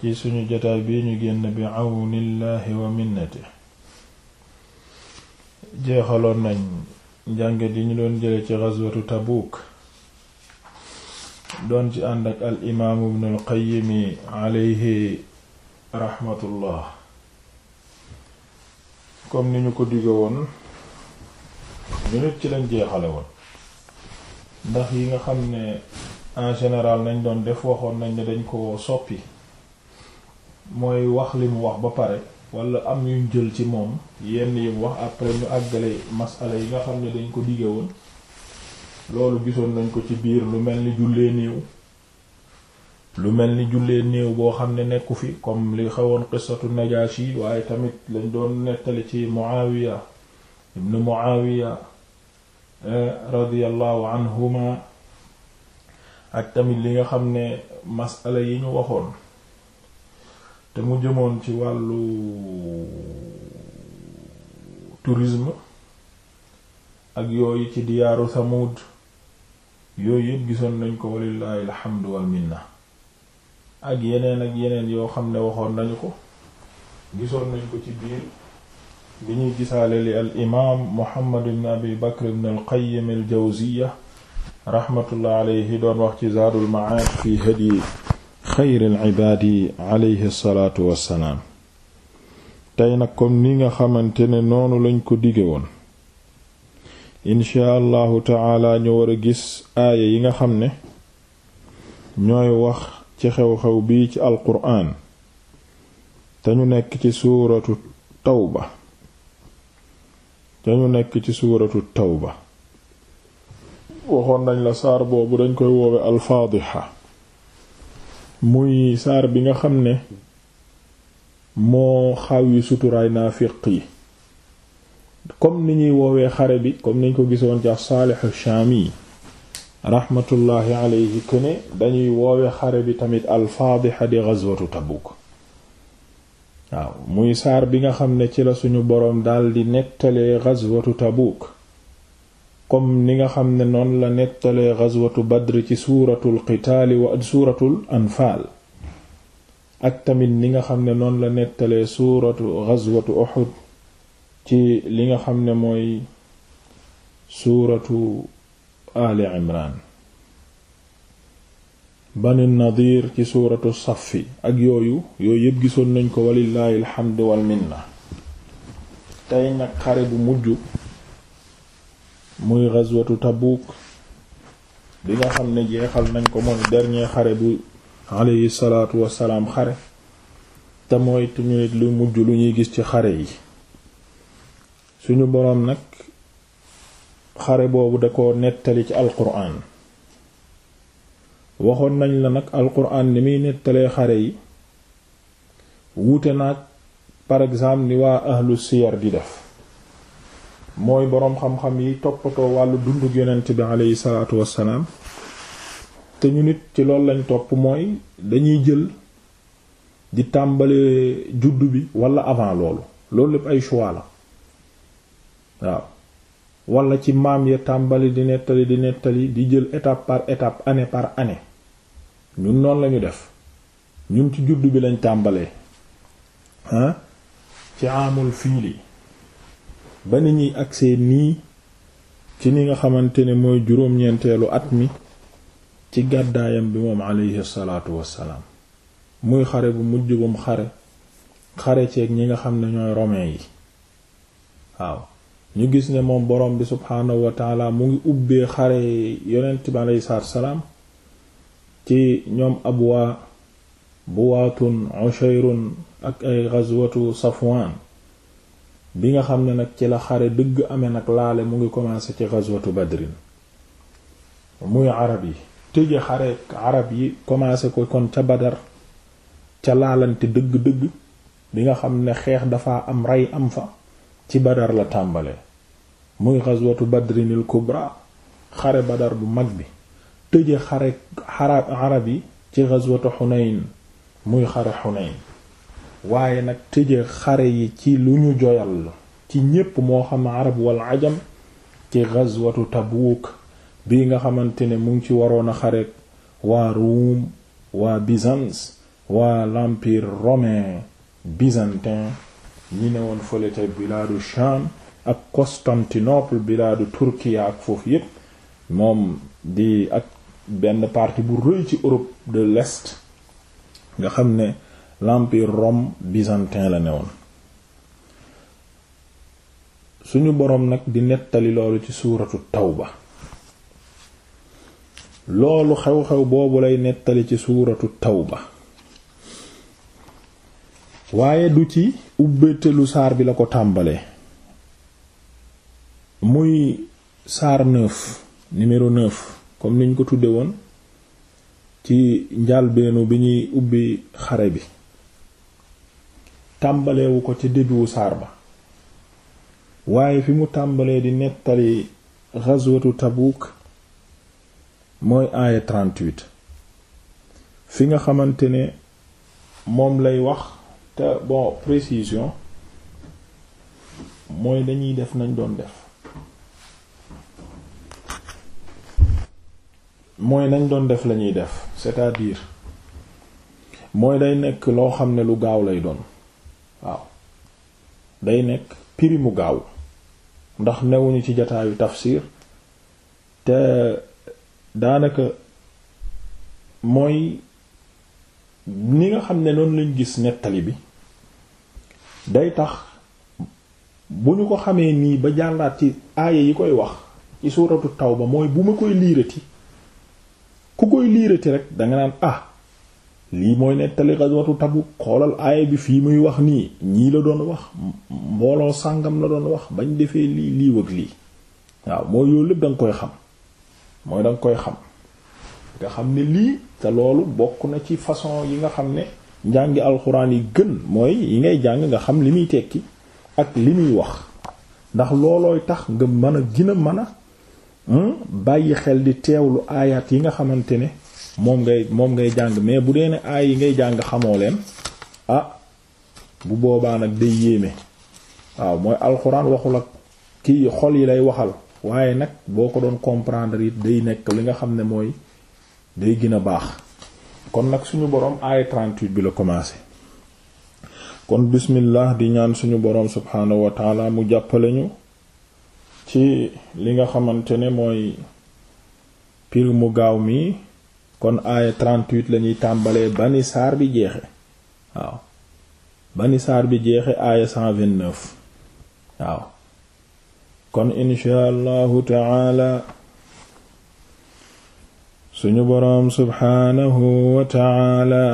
ci suñu jotaay bi ñu génn bi àwnillaahi wa minnati jeexaloon nañ njànget yi ñu doon jële ci ghazwatu Tabuuk doon ci ànd ak al imaamu ibnul qayyimi aleyhi raxmatullah comme ni ñu ko digge woon ñu nit ci lañ jeexale woon ndax yi nga xam ne en général nañ doon def waxoon nañ ne dañ ko soppi mooy wax li mu wax ba pare walla am yuñ jël ci moom yenn yi mu wax après ñu àggale masala yi nga xam ne dañ ko dige woon loolu gisoon nañ ko ci biir lu mel ni jullee néew lu mel ni jullee néew boo xam ne nekku fi comme li xewoon qissatu Najashi waaye tamit lañ doon nettali ci Muawiya ibn Muawiya eh, radiyallahu anhuma ak tamit li nga xam ne masala yi ñu waxoon te mu jëmoon ci wàllu tourisme ak yooyu ci diyaaru Samud yooyu yëpp gisoon nañ ko walillahi alhamdu wal minna ak yeneen ak yeneen yoo xam ne waxoon nañu ko gisoon nañ ko ci biir bi ñuy gisaale li al imaam Muhammad ibn Abi Bakr ibn al Qayyim al Jawziyya rahmatullah alayhi doon wax ci Zaadul Ma'aad fi hadyi xayril ibaadi aleyhi salaatu wassalaam tey nag kom ni nga xamante ne noonu lañ ko dige woon incha allahu taala ñu war a gis aaya yi nga xam ne ñooy wax ci xew-xew bii ci alquraan te ñu nekk ci suuratu tawba te ñu nekk ci suuratu tawba waxoon dañ la saar boobu dañ koy woowe alfaadixa muy saar bi nga xam ne moo xaw yu suturaay naafiq yi comme ni ñuy woowee xare bi comme niñ ko gisoon ci as-Saalixu Shaami raxmatullaahi alayhi këne dañuy woowe xare bi tamit al-Faadixa di gazwatu Tabuk waaw muy saar bi nga xam ne ci la suñu boroom di nettalee gazwatu Tabuk comme ni nga xam ne noonu la nettalee ghazwatu badr ci suuratul suuratul anfaal ak tamit ni nga xam ne noonu la nettalee suuratu ghazwatu uhud ci li nga xam ne mooy suuratu ali imran bani nadir ci suuratu safi ak yooyu yooyu yëpp gisoon nañ ko walillahi alhamdu wal minna tey nag xare bu mujj muy ghazwatu Tabuk bi nga xam ne jeexal nañ ko mooy dernier xare bu alayhi salaatu wassalaam xare te mooy lu mujj lu ñuy gis ci xare yi suñu boroom nag xare boobu da ko nettali ci alquran waxoon nañ la nag alquran ni muy nettalee xare yi wuute nag par exemple ni waa ahlu siyar di def mooy boroom xam-xam yi toppatoo wàllu dundug yonent bi aleyhi salaatu wassalaam te ñu nit ci loolu lañ topp mooy dañuy jël di tàmbale juddu bi wala avant loolu loolu lépp ay choix la waaw wala ci maam ya tàmbali di nettali di nettali di jël étape par étape année par année ñun noonu lañu def ñun ci juddu bi lañ tàmbalee ah ci amul fiili ba ni ñuy agsee nii ci ni nga xamante ne mooy juróom-ñeenteelu at mi ci gàddaayam bi moom aleyhi salaatu wassalaam muy xare bu mujj bum xare xare ceeg ñi nga xam ne ñooy romain yi waaw ñu gis ne moom borom bi subhaanahu wa mu ngi ubbee xare yonent bi aleyhi salaatu wassalaam ci ñoom abwaa buwaatun ushayrun ak ay ghazwatu safwaan bi nga xam ne nag ci la xare dëgg ame nag laale mu ngi commencé ci ghazwatu badrin muy arab yi commencé ko kon ca badar ca laalante dëgg-dëgg bi nga xam ne xeex dafa am rey am fa ci badar la tàmbale muy ghazwatu badrinil kubra xare badar bu mag bi tëje xare arab yi ci ghazwatu xunayn muy xare xunayn waaye nag tëje xare yi ci lu ñu joyal ci ñépp moo xam arab wal ajam ci ghazwatu Tabuuk bi nga xamante ne mu ngi ci waroon a xareek waa Ruum waa Byzance waa l'empire romain byzantin ñi ne woon fële ca bilaadu Sham ak Constantinople bilaadu Turkiya ak foofu yépp moom di ak benn partie bu rëy ci Europe de l'Est nga xam ne l'empire Rome byzantin la newoon suñu boroom nag di nettali loolu ci suuratu ba loolu xew-xew boobu lay nettali ci suuratu taw ba waaye du ci ubbeetelu saar bi la ko tàmbalee muy saar neuf numéro neuf comme niñ ko tudde woon ci njàlbeenu bi ñuy ubbi xare bi tàmbalewu ko ci débutu saar ba waaye fi mu tàmbalee di nettali ghazwatu Tabuk mooy aaya 38 fi nga xamante ne moom lay wax te bon précision mooy dañuy def nañ doon def mooy nañ doon def lañuy def cest à mooy day nekk loo xam ne lu gaaw lay doon waaw day nekk piri mu gaaw ndax newuñu ci jataayu tafsir te daanaka mooy ni nga xam ne noonu lañ gis nettali bi day tax bu ñu ko xamee nii ba jàllaat ci aaya yi koy wax ci suuratu ba mooy bu ma koy liirati ku koy liirati rek danga naan ah lii mooy nettali ghazwatu Tabuk xoolal aaya bi fii muy wax nii ñii la doon wax mbooloo sàngam la doon wax bañ defee lii lii wëg lii waaw mooy yooyu lépp da koy xam mooy da koy xam nga xam ne lii te loolu bokk na ci façon yi nga xam ne njàngi alxuraan yi gën mooy yi ngay jàng nga xam li muy tekki ak li muy wax ndax loolooy tax nga mën a gina mën a hmm, bàyyi xel di teewlu aayaat yi nga xamante ne moom ngay moom ngay jàng mais bu dee ne aay yi ngay jàng xamoo leen ah bu boobaa nag day yéeme waaw mooy alxuraan waxul ak kii xol yi lay waxal waaye nag boo ko doon comprendre it day nekk li nga xam ne mooy day gën a baax kon nag suñu boroom aaya 38 bi la commencé kon bismillah di ñaan suñu boroom subhaanahu wa taala mu jàppale ñu ci li nga xamante ne mooy pir mu gaaw mii kon aaya lañuy la ñuy tàmbalee bani saar bi jeexe waaw bani saar bi jeexe aaya waaw kon insha allahu taala suñu borom subhaanahu wa taala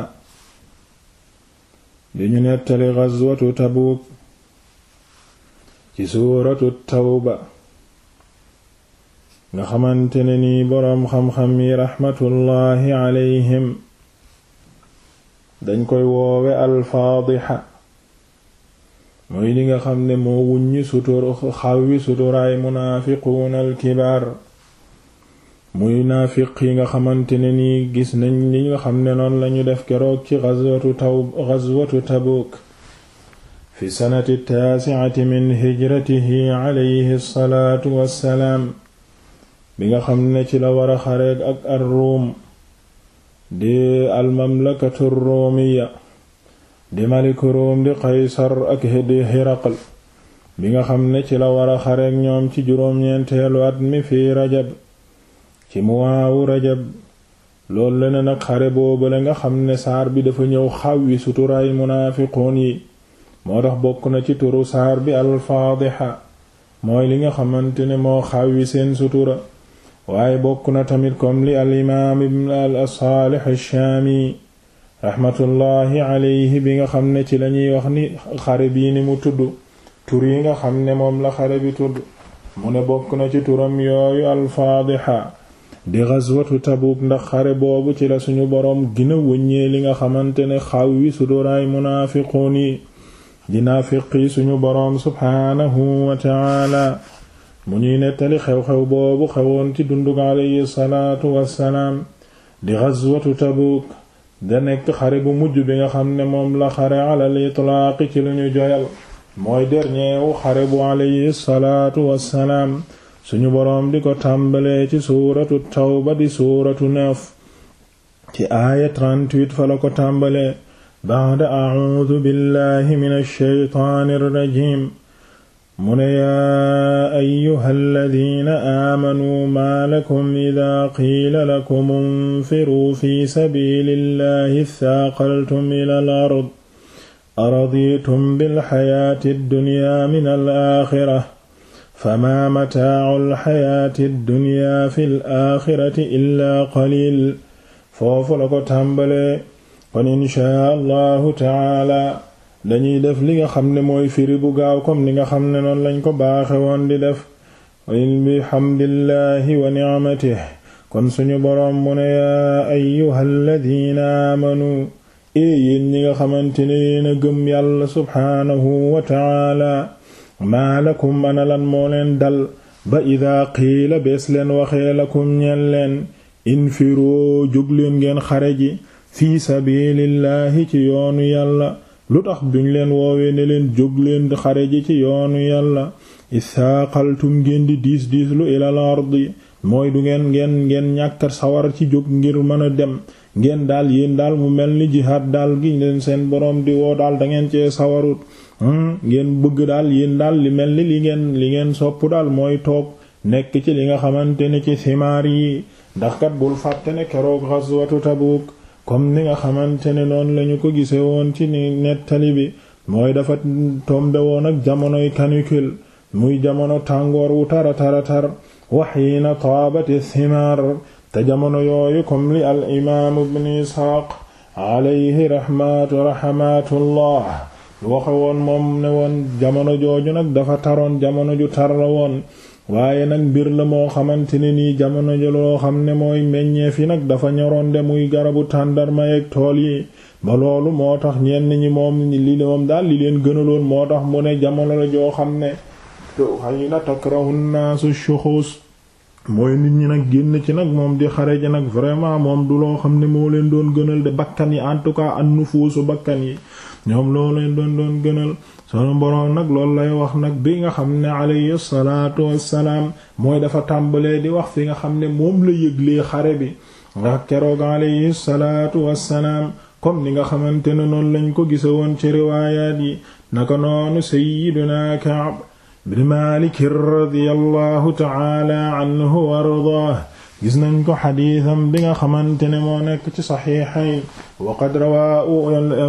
ñu nettali gazwatu Tabuuk ci suuratu Tawba nga xamante ne nii boroom xam-xam yi raxmatullaahi alayhim dañ koy woowe alfaadixa mooy li nga xam ne moo wuññi sutur xawwi suturaay munaafiquuna alkibaar muy yi nga xamante ne nii gis nañ li nga xam ne noonu lañu def keroog ci gazwatu taw tabuuk fi sanati taasiati min hijratihi alayhi salaatu wassalaam bi nga xam ne ci la war a xareeg ak ar ruum di almamlakatu ruumiya di maliku ruum di qaysar ak di hiraql bi nga xam ne ci la war a xareeg ñoom ci juróom-ñeenteelu at mi fii rajab ci muwaawu rajab loolu la ne nag xare boobale nga xam ne saar bi dafa ñëw xawwi suturaay munaafiqoon yi moo tax bokk na ci turu saar bi alfaadixa mooy li nga xamante ne moo xawwi seen sutura waaye bokk na tamit kom li al imaam ibn al saalih ash-shaami raxmatullaahi bi nga xam ne ci lañuy wax ni xare bii ni mu tudd tur yi nga xam ne moom la xare bi tudd mu ne bokk na ci turam yooyu alfaadixa di gazwatu Tabuk ndax xare boobu ci la suñu boroom gina wëññee li nga xamante ne xaw wi su duraay munaafiquun yi di naafiq yi suñu boroom subhaanahu wa mu ñuy nettali xew-xew boobu xewoon ci dundug aleyhi salaatu wassalaam di ghazwatu Tabuk da nekk xare bu mujj bi nga xam ne moom la xare alal itlaaq ci lañu joyal mooy dernier wu xare bu aleyhi salaatu wassalaam suñu boroom di ko tàmbalee ci suuratu tawba di suuratu neuf ci aaya fa la ko tàmbalee ba'da a'uudu billahi minash shaytaanir rajiim mu ne yaa ayyuha alladina aamanuu maa lakum ida qiila lakum unfiruu fi sabili illahi ithaaqaltum ila al ard araditum bilxayaati dduniya min alaaxira famaa mataacu alxayaati dduniya fi l aaxirati illaa qaliil foofu la ko tàmbalee kon inchaa allahu taala dañuy def li nga xam ne mooy firi bu gaaw comme li nga xam ne noonu lañ ko baaxe woon di def bi hamdillahi wa ni'matihi kon suñu boroom mu ne yaa ayyuhalladhiina aamanu ee eh, yéen ñi nga xamante ne yéen a gëm yàlla subhaanahu wa ta'aala maa lakum ana lan moo leen dal ba idaa qiila bees leen waxee lakum ñeen leen infiroo jóg leen ngeen xare ji sabiilillaahi ci yoonu yàlla lu tax duñ leen woowee ne leen jóg leen xare ji ci yoonu yàlla isaaqaltum ngeen di diis diis lu ilal ardi mooy du ngeen ngeen ngeen ñàkk sawar ci jóg ngir mën a dem ngeen daal yéen daal mu mel ni jihaad daal gi leen seen boroom di woo daal da ngeen cee sawarut hmm? ngeen bëgg daal yéen daal li mel ni li ngeen li ngeen sopp daal mooy toog nekk ci li nga xamante ne ci simaar yi ndax kat bul fàtte ne keroog ghazwatu Tabuk comme ni nga xamante ne noonu lañu ko gisee woon ci ni nettali bi mooy dafa tombe woon ak jamonoy canicule muy jamono tàngoor wu tara tara tar wax yi na taabati simaar te jamono yooyu comme li al imaam ibn isxaaq alayhi waxe woon moom ne woon jamono jooju nag dafa taroon jamono ju tar la woon waaye nag mbir la moo xamante ne nii jamono ji loo xam ne mooy meññeef yi nag dafa ñoroon de muy garabu tàndarma yeeg tool yi ba loolu moo tax ñenn ñi moom li moom daal li leen gënaloon moo tax mu ne jamono la joo xam ne hayna takrahu naasu shuxuus mooy nit ñi nag génn ci nag moom di xare ji nag vraiment moom du loo xam ne moo leen doon gënal de bakkan yi en tout cas an nufuusu bakkan yi ñoom loo leen doon doon gënal sunu boroom nag loolu lay wax nag bii nga xam ne alayhi salaatu wassalaam mooy dafa tàmbalee di wax fi nga xam ne moom la yëglee xare bi ndax keroog alayhi salaatu wassalaam comme ni nga xamante ne noonu lañ ko gisa woon ci riwaayaat yi naka noonu sayyidunaa Ka'b bin Maalik radiyallahu ta'ala anhu wa ardaahu gis nañ ko xadiisam bi nga xamante ne moo nekk ci saxiixayn waqad rawaahu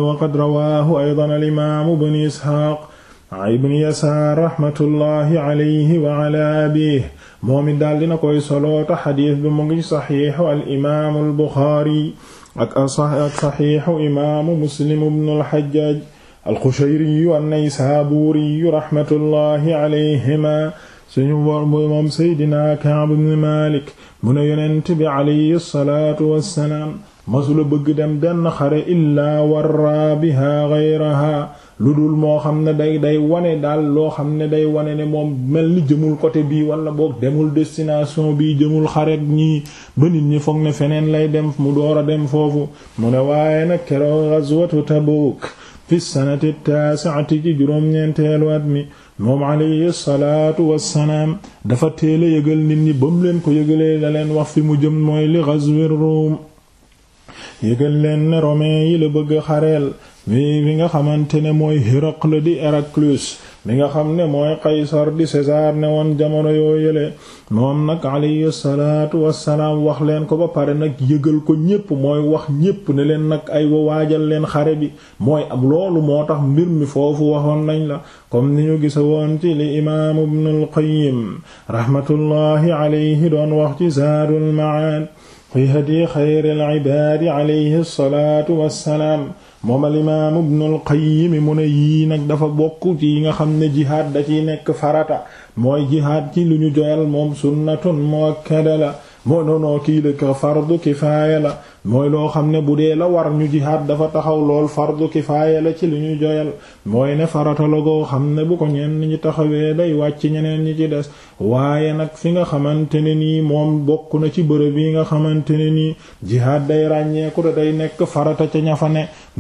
waqad rawaahu aydan alimaamu ibn isxaaq ibn yasaar raxmatullahi alayhi wa ala abiih moom it daal dina koy soloota xadiis bi mu ngi ci saxiixu alimaamu albuxaari ak ak saxiixu imaamu muslim ibn alxajjaaj alxushayriyu annaysaabuuriyu raxmatullahi alayhima suñu bor moom Seydina Kaab ibn Maalik mu ne yonent bi alayhi salaatu wassalaam masula bëgg dem benn xare illaa warraa bihaa gayrahaa lu dul moo xam ne day day wane daal loo xam ne day wane ne moom mel ni jëmul côté bii wala boog demul destination bii jëmul xare ñii ba nit ñi foog ne feneen lay dem mu door a dem foofu mu ne waaye nag keroog gazwatu Tabuuk fi sanati taasi'ati ci juróom-ñeenteelu at mi moom alayhi salaatu wassalaam dafa teel a yëgal nit ñi ba leen ko yëgalee la leen wax fi mu jëm mooy li ghazwir Rum yëgal leen ne yi la bëgg xareel wi fi nga xamante ne mooy Héracle di Héraclius mi nga xam ne mooy Qaysar di César ne woon jamono yoo yële moom nag alayhi salaatu wassalaam wax leen ko ba pare nag yëgal ko ñépp mooy wax ñépp ne leen nag ay wa waajal leen xare bi mooy am loolu moo tax mbir mi foofu waxoon nañ la comme ni ñu gisa woon ci li imaam Ibn al-Qayyim rahmatullahi doon wax ci Zaadul Ma'aad fi hadyi xayril ibaad alayhi salaatu wassalaam moom alimaam ibnu alqayimi mu ne yii nag dafa bokk ci yi nga xam ne jihaad da ciy nekk farata mooy jihaad ci lu ñu joyal moom sunnatun muakkada la moo noonoo kii la ko fardu kifaaya la mooy loo xam ne bu dee la war ñu jihaad dafa taxaw lool fardu kifaaya la ci li ñu joyal mooy ne farata la goo xam ne bu ko ñenn ñi taxawee day wàcc ñeneen ñi ci des waaye nag fi nga xamante ne nii moom bokk na ci bërëb yi nga xamante ne nii jihaad day ràññeeku te day nekk farata ca ña fa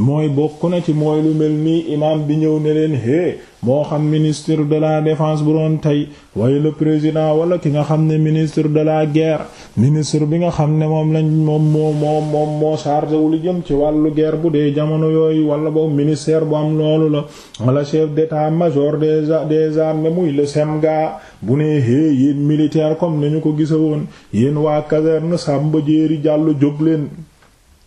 mooy bokk na ci mooy lu mel nii imaam bi ñëw ne leen hé moo xam ministre de la defence bu doon tey waaye le président wala ki nga xam ne ministre de la guerre ministre bi nga xam ne moom lañ moom moo moom moo chargé wu lu jëm ci wàllu geer bu dee jamono yooyu wala boobu ministère bu am loolu la wala chef d'état-major des des armées muy le SEMGA bu nee hee yéen militaire comme ni ñu ko gisa woon yéen waa caserne Samba Jéeri Jàllo jóg leen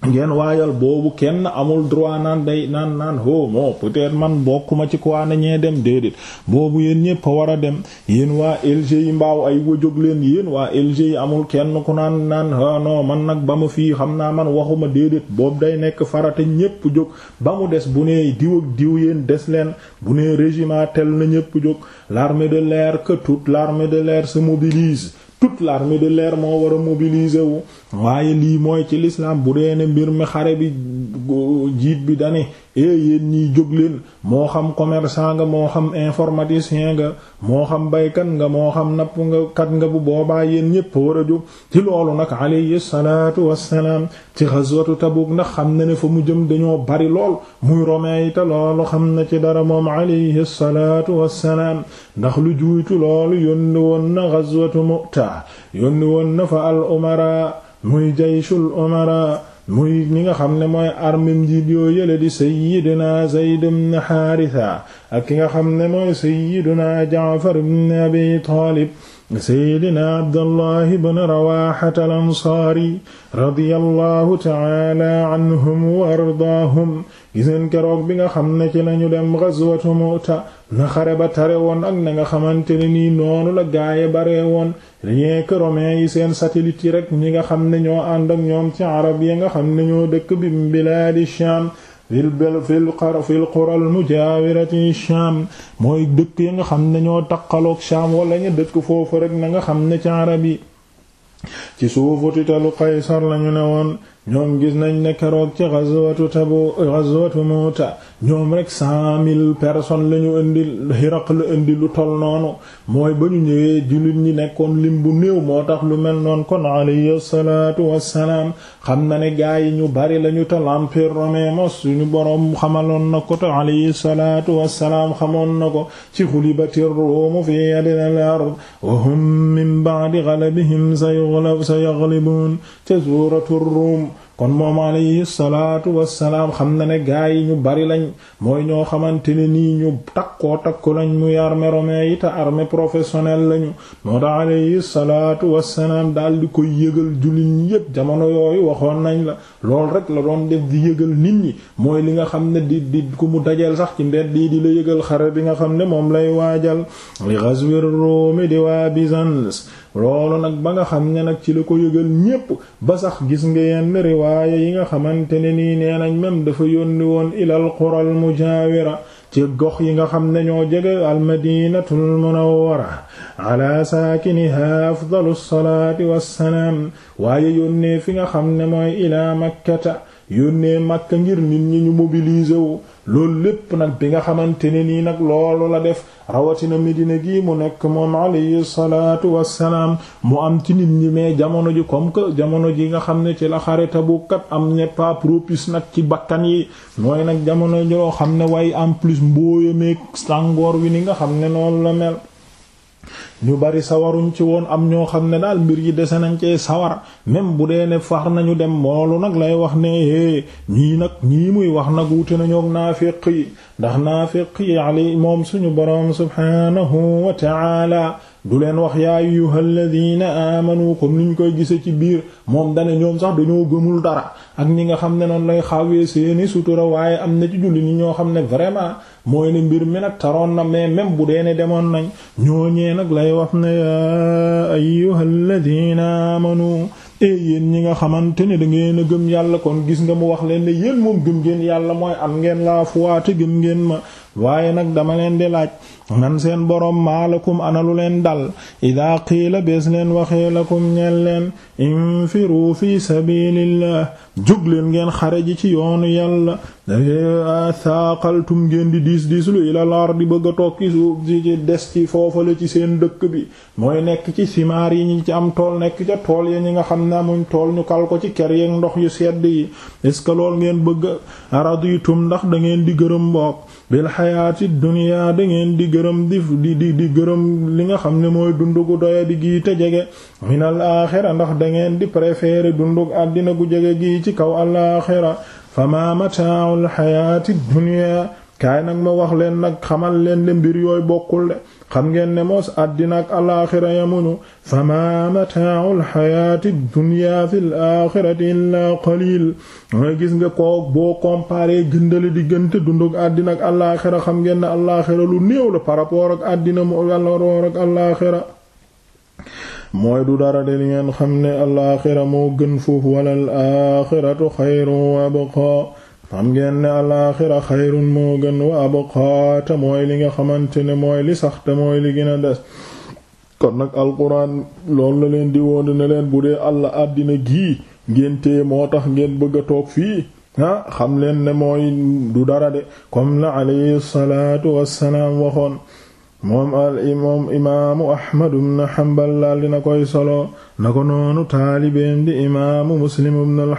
ngeen waajal boobu kenn amul droit naan day naan naan ho mo peut man bokkuma ci quoi na ñee dem déedéet boobu yéen ñépp a war a dem yéen waa LG yi mbaaw ay wajóg leen yéen waa LG yi amul kenn ku naan naan ah man nag ba ma fii xam naa man waxuma déedéet boobu day nekk farata ñépp jóg ba mu des bu nee diw ak diw yéen des leen bu nee régiment tel na ñépp jóg l'armée de l'air que toute l'armée de l'air se mobilise toute l'armée de leer moo war a mobiliser wu waaye lii mooy ci l'islam bu dee ne mbir mi xare bi jiit bi dane e yéen ñiy jóg leen moo xam commerçant nga moo xam informaticien nga moo xam baykat nga moo xam napp nga kat nga bu boobaa yéen ñépp war a jóg ci loolu nag alayhi salaatu wassalaam ci ghazwatu Tabuk ndax xam na ne fa mu jëm dañoo bari lool muy romain yi loolu xam na ci dara moom alayhi salaatu wassalaam ndax lu juutu loolu yónni woon na ghazwatu Mu'ta yónni woon na fa al umara muy jayshul umara muy ñi nga xam ne mooy armim njiit yoo yële di sayyidina Zayd ibn Haritha ak ki nga xam ne mooy sayyidina Jaafar ibn Abi Taalib seydina abdallah ibn rawaxat al ansaari radiyallahu taala anhum wa ardaahum giseen keroog bi nga xam ne ci lañu dem gazwatu mu'ta na xare ba tare woon ak na nga xamante ne ni noonu la gaaye bare woon dañee que romains yi seen satellite yi rek ñi nga xam ne ñoo ànd ak ñoom ci arab yi nga xam ne ñoo dëkk bi bilaadi sham fil qura al mujaawirati Shaam mooy dëkk ya nga xam ne ñoo taqaloog sham wala ñu ko foofu rek na nga xam ne ci arab yi ci suufu titalu Qaysar lañu ne woon ñoom gis nañ ne keroog ci ghazwatu Tabu ghazwatu Mu'ta ñoom rek cent mille personnes la ñu indi Hiraq la indi lu tol noonu mooy ba ñu ñëwee jullit ñi nekkoon lim bu néew moo tax lu mel noon kon alayhi salaatu wassalaam xam na ne gaa yi ñu bari lañu ta l'empire romain mos suñu boroom xamaloon na ko te alayhi salaatu wassalaam xamoon na ko ci xulibati ruumu fi adnal ard wa hum min ba'di ghalabihim sayaghlabuun te suuratu ruum kon moom alayhi salaatu wassalaam xam na ne gaa yi ñu bari lañ mooy ñoo xamante ne nii ñu takkoo takku lañ muy armée romaine yi te armée professionnelle lañu moo tax alayhi salaatu wassalaam daal di koy yëgal jullit ñi yépp jamono yooyu waxoon nañ la lool rek la doon def di yëgal nit ñi mooy li nga xam ne di di ku mu dajeel sax ci mbedd yi di la yëgal xare bi nga xam ne moom lay waajal li ghazwir Rum di waa Byzance loolu nag ba nga xam ne nag ci la ko yëgal ñépp ba sax gis nga yenn riwaaya yi nga xamante ne nii nee nañ même dafa yónni woon ilal qural mujaawira ci gox yi nga xam ne ñoo jege almadinatul munawwara ala saakiniha afdalu salaati wassalaam waaye yónnee fi nga xam ne mooy ilaa makkata yónnee Makka ngir nit ñi ñu mobiliser wu loolu lépp nag bi nga xamante ne nii nag loolu la def rawatina Medina gi mu nekk moom alayhi salaatu wassalaam mu am ci nit ñi mais jamono ji comme jamono ji nga xam ne ci la xare Tabuk kat am n'est pas nag ci bakkan yi mooy nag jamono joo xam ne waaye en plus mbooyameeg sàngoor wi ni nga xam ne noonu la mel ñu bari sawaruñ ci woon am ñoo xam ne daal mbir yi dese nañ cee sawar même bu dee ne far nañu dem moolu nag lay wax ne é eh, ñii nag ñii muy wax nag wuute nañu naafiq yi ndax naafiq yi ali moom suñu boroom subhanahu wa ta'ala du leen wax yaa ayyuhal ladina amanu comme niñ koy gisee ci biir moom dane ñoom sax dañoo gëmul dara ak ñi nga xam ne noonu lay xawee seeni sutura waaye am na ci julli ni ñoo xam ne vraiment mooy ne mbir mi nag taroon na mais même bu dee demoon nañ nag wax na yaa ayyuhal ladina amanu ee eh, yéen ñi nga xamante ne da ngeen a gëm yàlla kon gis nga mu wax leen ne yéen moom gëm ngeen yàlla mooy am ngeen laa fuwaate gëm ngeen ma waaye nag dama leen di laaj man seen boroom maalakum analu leen dal idaa la bees leen waxee lakum ñeel leen infiru fi sabilillah jóg leen ngeen xare ji ci yoonu yàlla da saaqaltum ngeen di diis diis lu ilal ardi bëgg a toog ci suuf si des ci foofa la ci seen dëkk bi mooy nekk ci simaar yi ñu ci am tool nekk ca tool ya ñi nga xam ne amuñ tool ñu kal ko ci ker yeeg ndox yu sedd yi est que lool ngeen bëgg araditum ndax da ngeen di gërëm mbokk bil xayaati duniyaa dangeen di gërëm di di gërëm li nga xam ne mooy dundugu doya di gii te jege minal aaxira ndax dangeen di préférer dundug àddina gu jege gii ci kaw al aaxira fama mataa'ul xayaati duniyaa kaay nag ma wax leen nag xamal leen de mbir yooy bokkul de xam ngeen ne moos àddina ak alaaxira yamuñu fama mataa'ul xayaati dunya fil aaxirati illaa qaliil mooy gis nga kook boo comparé gëndale diggante dund ak àddina ak alaaxira xam ngeen ne alaaxira lu néew la par rapport ak àddina mu alaaxira dara de xam ne alaaxira moo gën foofu wala aaxiratu xayrun wa xam ngeen ne alaaxira xayrun moo wa abqaa te li nga xamante ne mooy li sax te mooy li gën a kon nag alquran loolu la leen di woon ne leen bu dee àll àddina gii ngeen téye moo tax ngeen bëgg a toog fii xam leen ne mooy du dara de comme la alayhi salaatu wassalaam waxoon moom imaamu ahmad ibn hanbal daal dina koy solo na ko noonu taalibeem di imaamu muslim ibn al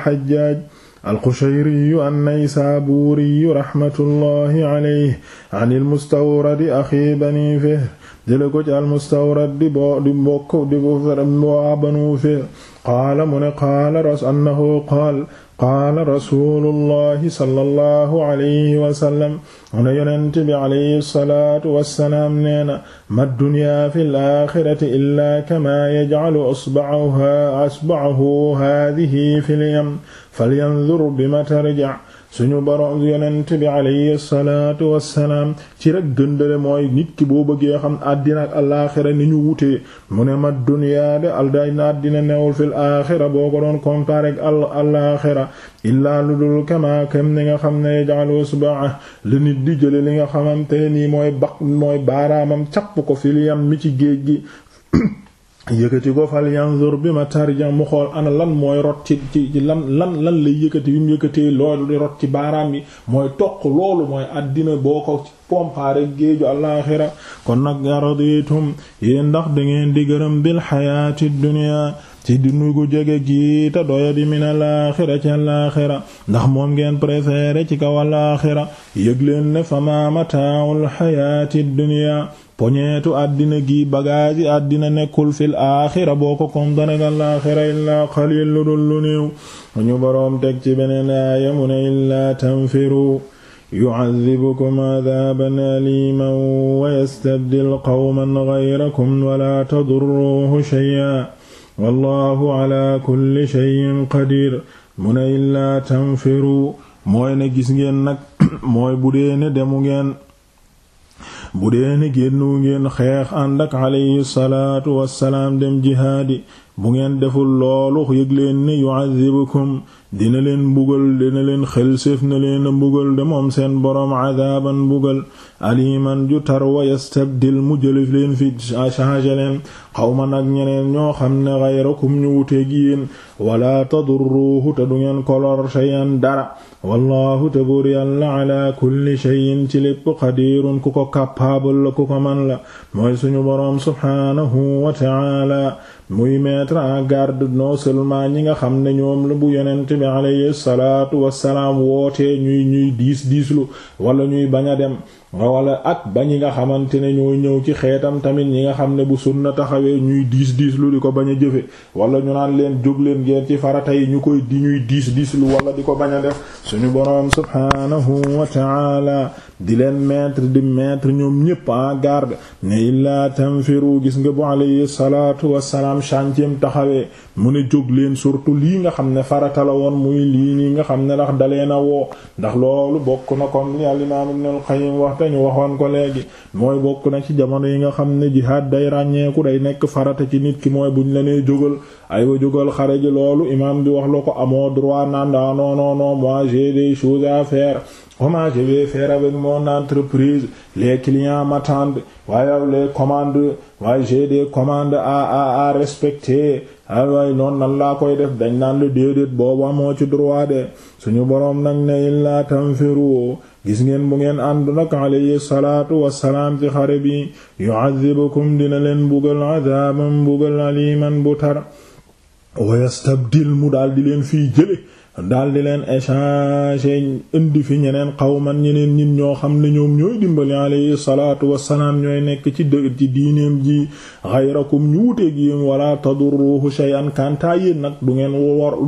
alqushayriyu annaysaabuuriyu raxmatullahi alayhi an ilmustawradi axi bani fihr jële ko ci almustawrad di boo di mbokk di waa banu fihr qaala mu ne qaala annahu qaal qaala rasulullahi sallallahu alayhi wasallam mu ne yonent bi alayhi salaatu wassalaam nee na ma dunyaa fi laaxirati illaa kamaa yajcalu asbacahu haadihi fi lyam falyanzur bi ma tarja suñu boroom yonent bi alayhi salaatu wassalaam ci rek gëndale mooy nit ki boo bëggee xam àddina ak alaaxira ni ñu wutee mu ne ma dunyaa de alday na àddina newul fil aaxira boo ko doon comparer ak alaaxira illaa lu dul kamaa ni nga xam ne yaj'alu usba'a la nit di jële li nga xamante nii mooy baq mooy baaraamam capp ko fil yam mi ci géej gi yëkkati ko fal yanzur bi ma tarjan mu xool ana lan mooy rot ci ci lan lan lan lay yëkkati bi mu yëkkatee loolu di rot ci baaraam yi mooy toq loolu mooy àddina boo ko pompaare géeju alaaxira kon nag araditum yéen ndax dangeen di gërëm bil xayaati dunya ci dund gu jege gii te doyadi min alaaxira ci alaaxira ndax moom ngeen préféré ci kaw alaaxira yëg ne fa xayaati dunya poñeetu àddina gi bagage àddina nekkul fil aaxira boo ko compter ak alaaxira illaa xaliil lu dul lu néew ñu boroom teg ci beneen aaya mu ne illaa tanfiru yu'adhibukum adhaaban aliiman wa yastabdil qawman wallahu ala kulli shay'in qadir mu ne illaa tanfiru mooy ne gis ngeen nag mooy bu dee ne bu dee ne génnu ngeen xeex ànd ak alayhi salaatu wassalaam dem jihaadi bu ngeen deful loolu yëg leen ne yu'adhibukum dina leen mbugal dina leen xelséef na leen a mbugal de moom seen boroom adaaban mbugal aliman ju tar wa yastabdil mu jëlif leen fi changé leen xawman ak ñeneen ñoo xam ne xayrakum ñu wuteeg yéen wala tadurruhu te du ngeen kolor shay'an dara wallahu te buur yàlla ala kulli shay'in ci lépp qadirun ku ko capable la ku ko man la mooy suñu boroom subhaanahu wa ta'ala muy mettre en garde non seulement ñi nga xam ne ñoom la bu yonent bi alayhi salaatu woote ñuy ñuy diis diislu wala ñuy bañ a dem wala ak ba ñi nga xamante ne ñoo ñëw ci xeetam tamit ñi nga xam ne bu sunna taxawee ñuy diis diis lu di ko bañ a jëfe wala ñu naan leen jóg leen ngeen ci farata yi ñu koy di ñuy diis diis lu wala di ko bañ a def suñu boroom subhanahu wa ta'ala di leen mettre di mettre ñoom ñépp en garde ne illaa tanfiru gis nga bu alayhi salaatu wassalaam chantième taxawee mu ne jóg leen surtout lii nga xam ne farata la woon muy lii nii nga xam ne ndax dalee a woo ndax loolu bokk na comme te ñu waxoon ko léegi mooy bokk na ci jamono yi nga xam ne jihaad day ràññeeku day nekk farata ci nit ki mooy buñ la nee jógal aywa jógal xare ji loolu imaam bi wax la ko amoo droit naan non no no moi j'ai des choses à faire comment je vais faire avec mon entreprise les clients m'attendent waaye les commande waaye j'ai commande à à à respecter ah, waaye noonu nan laa koy def dañ naan la déedéet boobu amoo ci droit de suñu boroom nag ne illaa tanfiru gis ngeen bu ngeen àndu nag alayhi salaatu wassalaam ci xare bi yu'adhibukum dina leen mbugal adaaban mbugal aliman bu tar wa yastabdil mu daal di leen fii jële daal di leen échanger indi fi ñeneen xawman ñeneen nit ñoo xam ne ñoom ñooy dimbali alayhi salaatu wassalaam ñooy nekk ci dë ci diineem ji xayrakum ñu wuteeg yéen wala tadurruhu shay'an kanta yéen nag du ngeen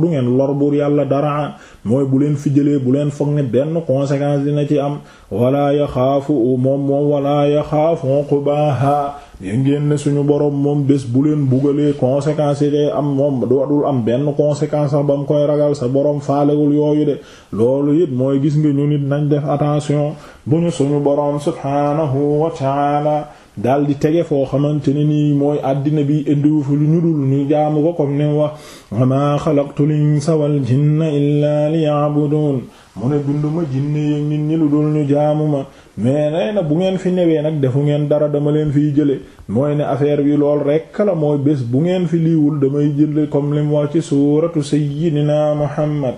du ngeen lor buur yàlla dara mooy bu leen fi jëlee bu leen foog ne benn conséquence dina ci am wala yaxaafu moom moom wala yaxaafu uqbaha yéen ngeen suñu borom moom bés bu leen bugalee conséquence yi am moom dootul am benn conséquence sax ba mu koy ragal sa borom faalewul yooyu de loolu it mooy gis nga ñu nit nañ def attention bu ñu suñu borom subhaanahu wa taala daal di tege foo xamante ne nii mooy àddina bi indiwu fi lu ñu dul ñu jaamu ko ko ni wax wa maa xalaqtul insa wal jinna illaa liya'budun mu ne binduma jinne yi nit ñi lu dul ñu jaamu ma mais nee na bu ngeen fi newee nag defu ngeen dara dama leen fiy jële mooy ne affaire bi lool rekk la mooy bés bu ngeen fi liiwul damay jële comme lim wax ci suuratu sayyidina Muhammad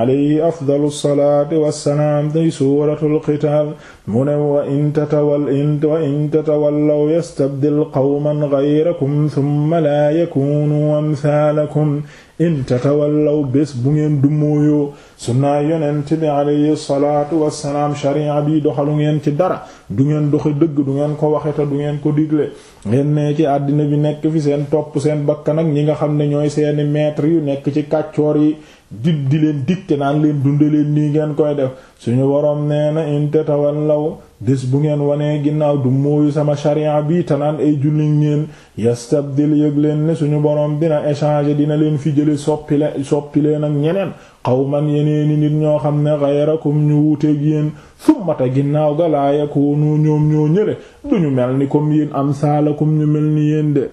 alayhi afdalu salaati wassalaam di suuratul qitaal mu ne wa in tatawal wa in tatawallaw yastabdil qawman ghayrakum thumma laa yakuunu amthaalakum in law bés bu ngeen du mooyoo sunnaa yonent bi alayhi salaatu wassalaam sharia bi doxalu ngeen ci dara du ngeen doxe dëgg du ngeen ko waxe te du ngeen ko digle ngeen ne ci àddina bi nekk fi seen topp seen bakkan ak ñi nga xam ne ñooy seeni maître yu nekk ci kàccoor yi di di leen dikte naan leen dundaleen nii ngeen koy def suñu woroom nee na in tatawallaw bés bu ngeen wanee ginnaaw du mooyu sama sharia bi tanaan ay julli ngeen yastabdil yëg leen ne suñu borom dina échanger dina leen fi jële soppi leen soppi ak ñeneen qawman yeneeni nit ñoo xam ne ghayrakum ñu wuuteeg yéen summata ginnaaw ga laa yakuunu ñoom ñoo ñële duñu mel ni comme yéen amsaalakum ñu mel ni yéen de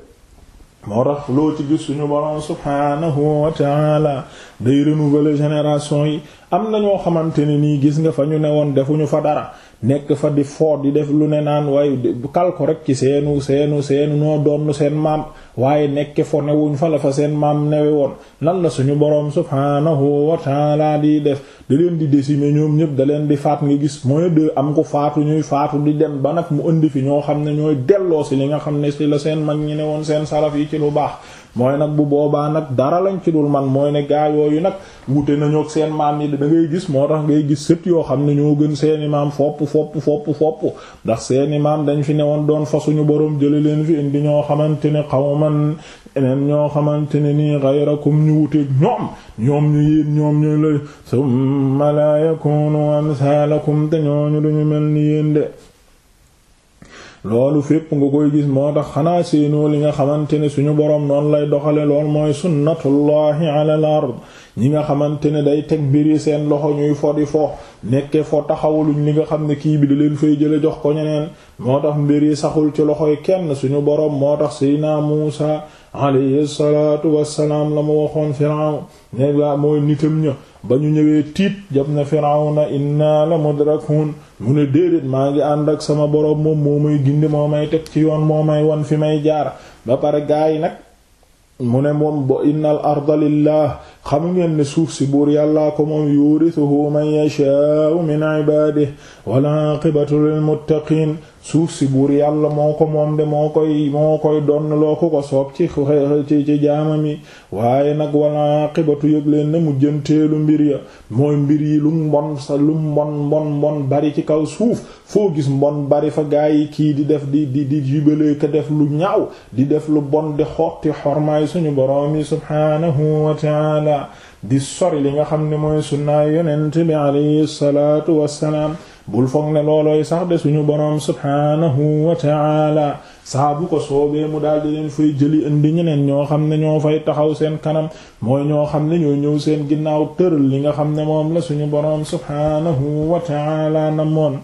moo tax loo ci gis suñu borom subhaanahu wa taala day renouveler génération yi am na ñoo xamante ne nii gis nga fa ñu ne newoon defuñu fa dara nekk fa di foot di def lu ne naan waaye kal ko rek ci seenu seenu seenu noo doon seen maam waaye nekke fo newuñ fa la fa seen maam newe woon nan la suñu boroom subhaanahu wa taala di def da leen di décimer ñoom ñëpp da leen di faat nga gis mooy de am ko faatu ñuy faatu di dem ba nag mu indi fi ñoo xam ne ñooy delloo si li nga xam ne si la seen mag ñi ne woon seen salaf yi ci lu baax mooy nag bu boobaa nag dara lañ ci dul man mooy ne gaa yooyu nag wute nañu ak seen maam yi da ngay gis moo tax ngay gis sët yoo xam ne ñoo gën seeni maam fopp fopp fopp fopp ndax seeni maam dañ fi ne woon doon fa suñu boroom jële leen fi indi ñoo xamante ne xawman eneen ñoo xamante ne nii ghayrakum ñu wuteeg ñoom ñoom ñu yéen ñoom ñu la summa la yakunu amsalakum te ñooñu duñu mel ni yéen de loolu fépp nga koy gis moo tax xanaa seenoo li nga xamante ne suñu boroom noonu lay doxale lool mooy sunnatullahi ala al ard ñi nga xamante ne day teg mbir yi seen loxo ñuy fo di fo nekke fo taxawaluñ li nga xam ne kii bi da leen fay jële jox ko ñeneen moo tax mbir yi saxul ci loxoy kenn suñu boroom moo tax Seydina Muusa alayhi salaatu wassalaam la mu waxoon Firaaw ne la mooy nitam ña ba ñu ñëwee tiit jam na firawna inna la mudrakun mu ne déedéet maa ngi ànd ak sama boroom moom moo may gindi moo may teg ci yoon moo may won fi may jaar ba pare gaay nag mu ne moom bo innal arda lillah xam ngeen ne suuf si buur yàllaa ko moom yurithuhu man yashaa'u min ibaadihi wala aqibatu lil muttaqiin suuf si buur yàlla moo ko moom de moo koy moo koy donn loo ko ko soob ci ci ci jaamam yi waaye nag wala aqibatu yëg leen ne mu jënteelu mbir ya mooy mbir yi lu mbon sa lu mbon mbon mbon bari ci kaw suuf foo gis mbon bari fa gaa yi kii di def di di di jubalee def lu ñaaw di def lu bon di xotti xormaay suñu boroom yi subhaanahu wa di sol li nga xam ne mooy sunnaay yonent bi alayhi salaatu wassalaam bul foog ne loolooy sax de suñu boroom subhaanahu wa ta'ala saa bu ko soobee mu daal di leen fay jëli indi ñeneen ñoo xam ne ñoo fay taxaw seen kanam mooy ñoo xam ne ñoo ñëw seen ginnaaw tëral li nga xam ne moom la suñu boroom subhaanahu wa ta'ala namoon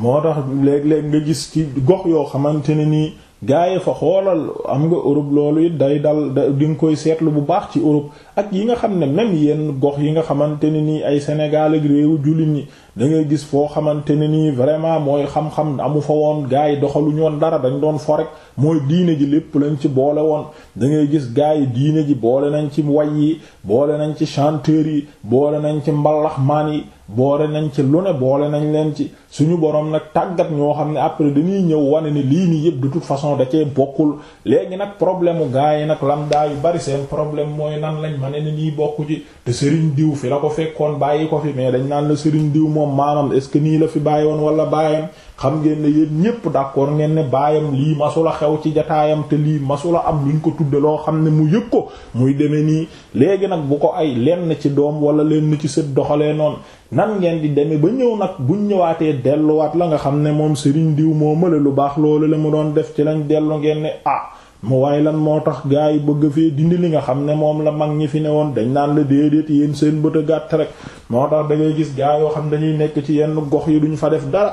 moo tax léeg-léeg nga gis ci gox yoo xamante ne nii yi fa xoolal am nga Europe loolu it day dal di nga koy seetlu bu baax ci Europe ak yi nga xam ne même yenn gox yi nga xamante ne nii ay Sénégal ak réewu jullit ñi da ngay gis foo xamante ne nii vraiment mooy xam-xam amu fa woon gars yi doxalu ñoon dara dañ doon fo rek mooy diine ji lépp lañ ci boole woon da ngay gis gars yi diine ji boole nañ ci way yi boole nañ ci chanteur yi boole nañ ci mbalaxmaan yi boole nañ ci lu ne boole nañ leen ci suñu borom nag tàggat ñoo xam ne après dañuy ñëw wane ni lii nii yëpp de toute façon da cee bokkul léegi nag problème mu gaa yi nag lambda yu bari seen problème mooy nan lañ ma ne ni nii bokku ci te Serigne Diw fi la ko fekkoon bàyyi ko fi mais dañ naan la Serigne Diw moom maamam est ce que nii la fi bàyyi woon wala bàyyam xam ngeen ne yéen ñépp d'accord ngeen ne baayam lii masula xew ci jataayam te lii masula am luñ ko tudde loo xam ne mu yëg ko muy demee nii léegi nag bu ko ay lenn ci doom wala lenn ci sët doxalee noonu nan ngeen di demee ba ñëw nag buñ ñëwaatee delluwaat la nga xam ne moom sëriñ diw moo mala lu baax loolu la mu doon def ci lañ dellu ngeen ne ah mu waaye lan moo tax gaa yi bëgg fee dindi li nga xam ne moom la mag ñi fi ne woon dañ naan la déedéet yéen seen bët gàtt rek moo tax da ngay gis gaa xam dañuy nekk ci yenn gox yi duñ fa def dara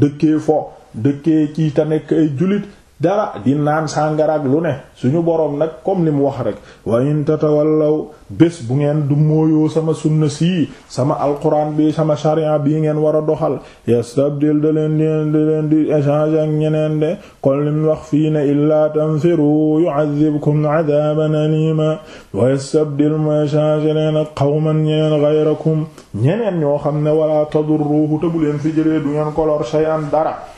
dëkkee fo dëkke ci te nekk ay jullit dara di naan sàngara ak lu ne suñu boroom nag comme li mu wax rek wa in tatawallaw bés bu ngeen du mooyoo sama sunna si sama alquran bi sama sharia bi ngeen war a doxal yastabdil da leen di leen di échange ak ñeneen de kon lim wax fii ne illaa tanfiru yu'adhibkum 'adaban alima wa yastabdil mu échange leen ak qawman ñeneen ghayrakum ñeneen ñoo xam ne wala tadurruhu te bu leen fi jëlee du ngeen ko lor dara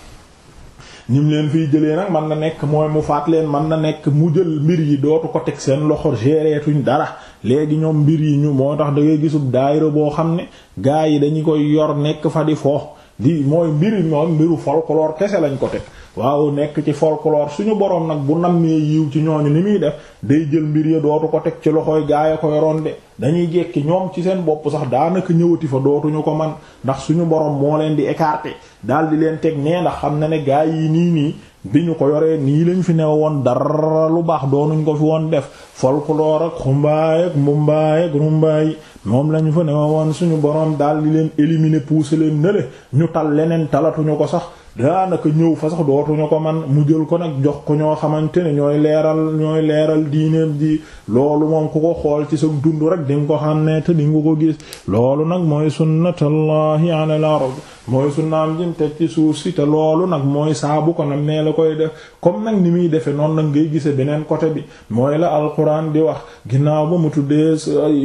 ñim leen fiy jëlee nag man na nekk mooy mu faat leen man na nekk mu jël mbir yi dootu ko teg seen loxo géreetuñ dara léegi ñoom mbir yi ñu moo tax da gisul gisub daayira boo xam ne gaa yi dañu koy yor nekk fa di fo di mooy mbir yi ñoom mbiru folklore kese lañ ko teg waaw nekk ci folklore suñu borom nag bu nammee yiw ci ñooñu ni muy def day jël mbir ya dootu ko teg ci loxoy gaaya ko yoroon de dañuy jekki ñoom ci seen bopp sax daanaka ñëwati fa dootuñu ko man ndax suñu borom moo leen di écarter daal di leen teg nee ndax xam na ne gaay yi nii nii bi ñu ko yoree nii lañ fi ne woon dara lu baax doonuñ ko fi woon def folklore ak xumbaay ak mbumbaay ak rumbaay moom lañu fa ne woon suñu borom daal di leen éliminer pousser leen nële ñu tal leneen talatuñu ko sax daanaka ñëw fa sax dootuñu ko man mu jël ko nag jox ko ñoo xamante ne ñooy leeral ñooy leeral diineem ji loolu moom ku ko xool ci sa dund rek di ko xam ne te di nga ko gis loolu nag mooy sunnatullahi ala al-ard mooy sunnaam jim teg ci suuf si te loolu nag mooy saabu ko nag nee la koy def comme nag ni muy defee noonu nag ngay gise beneen côté bi mooy la alquran di wax ginnaaw ba mu tuddee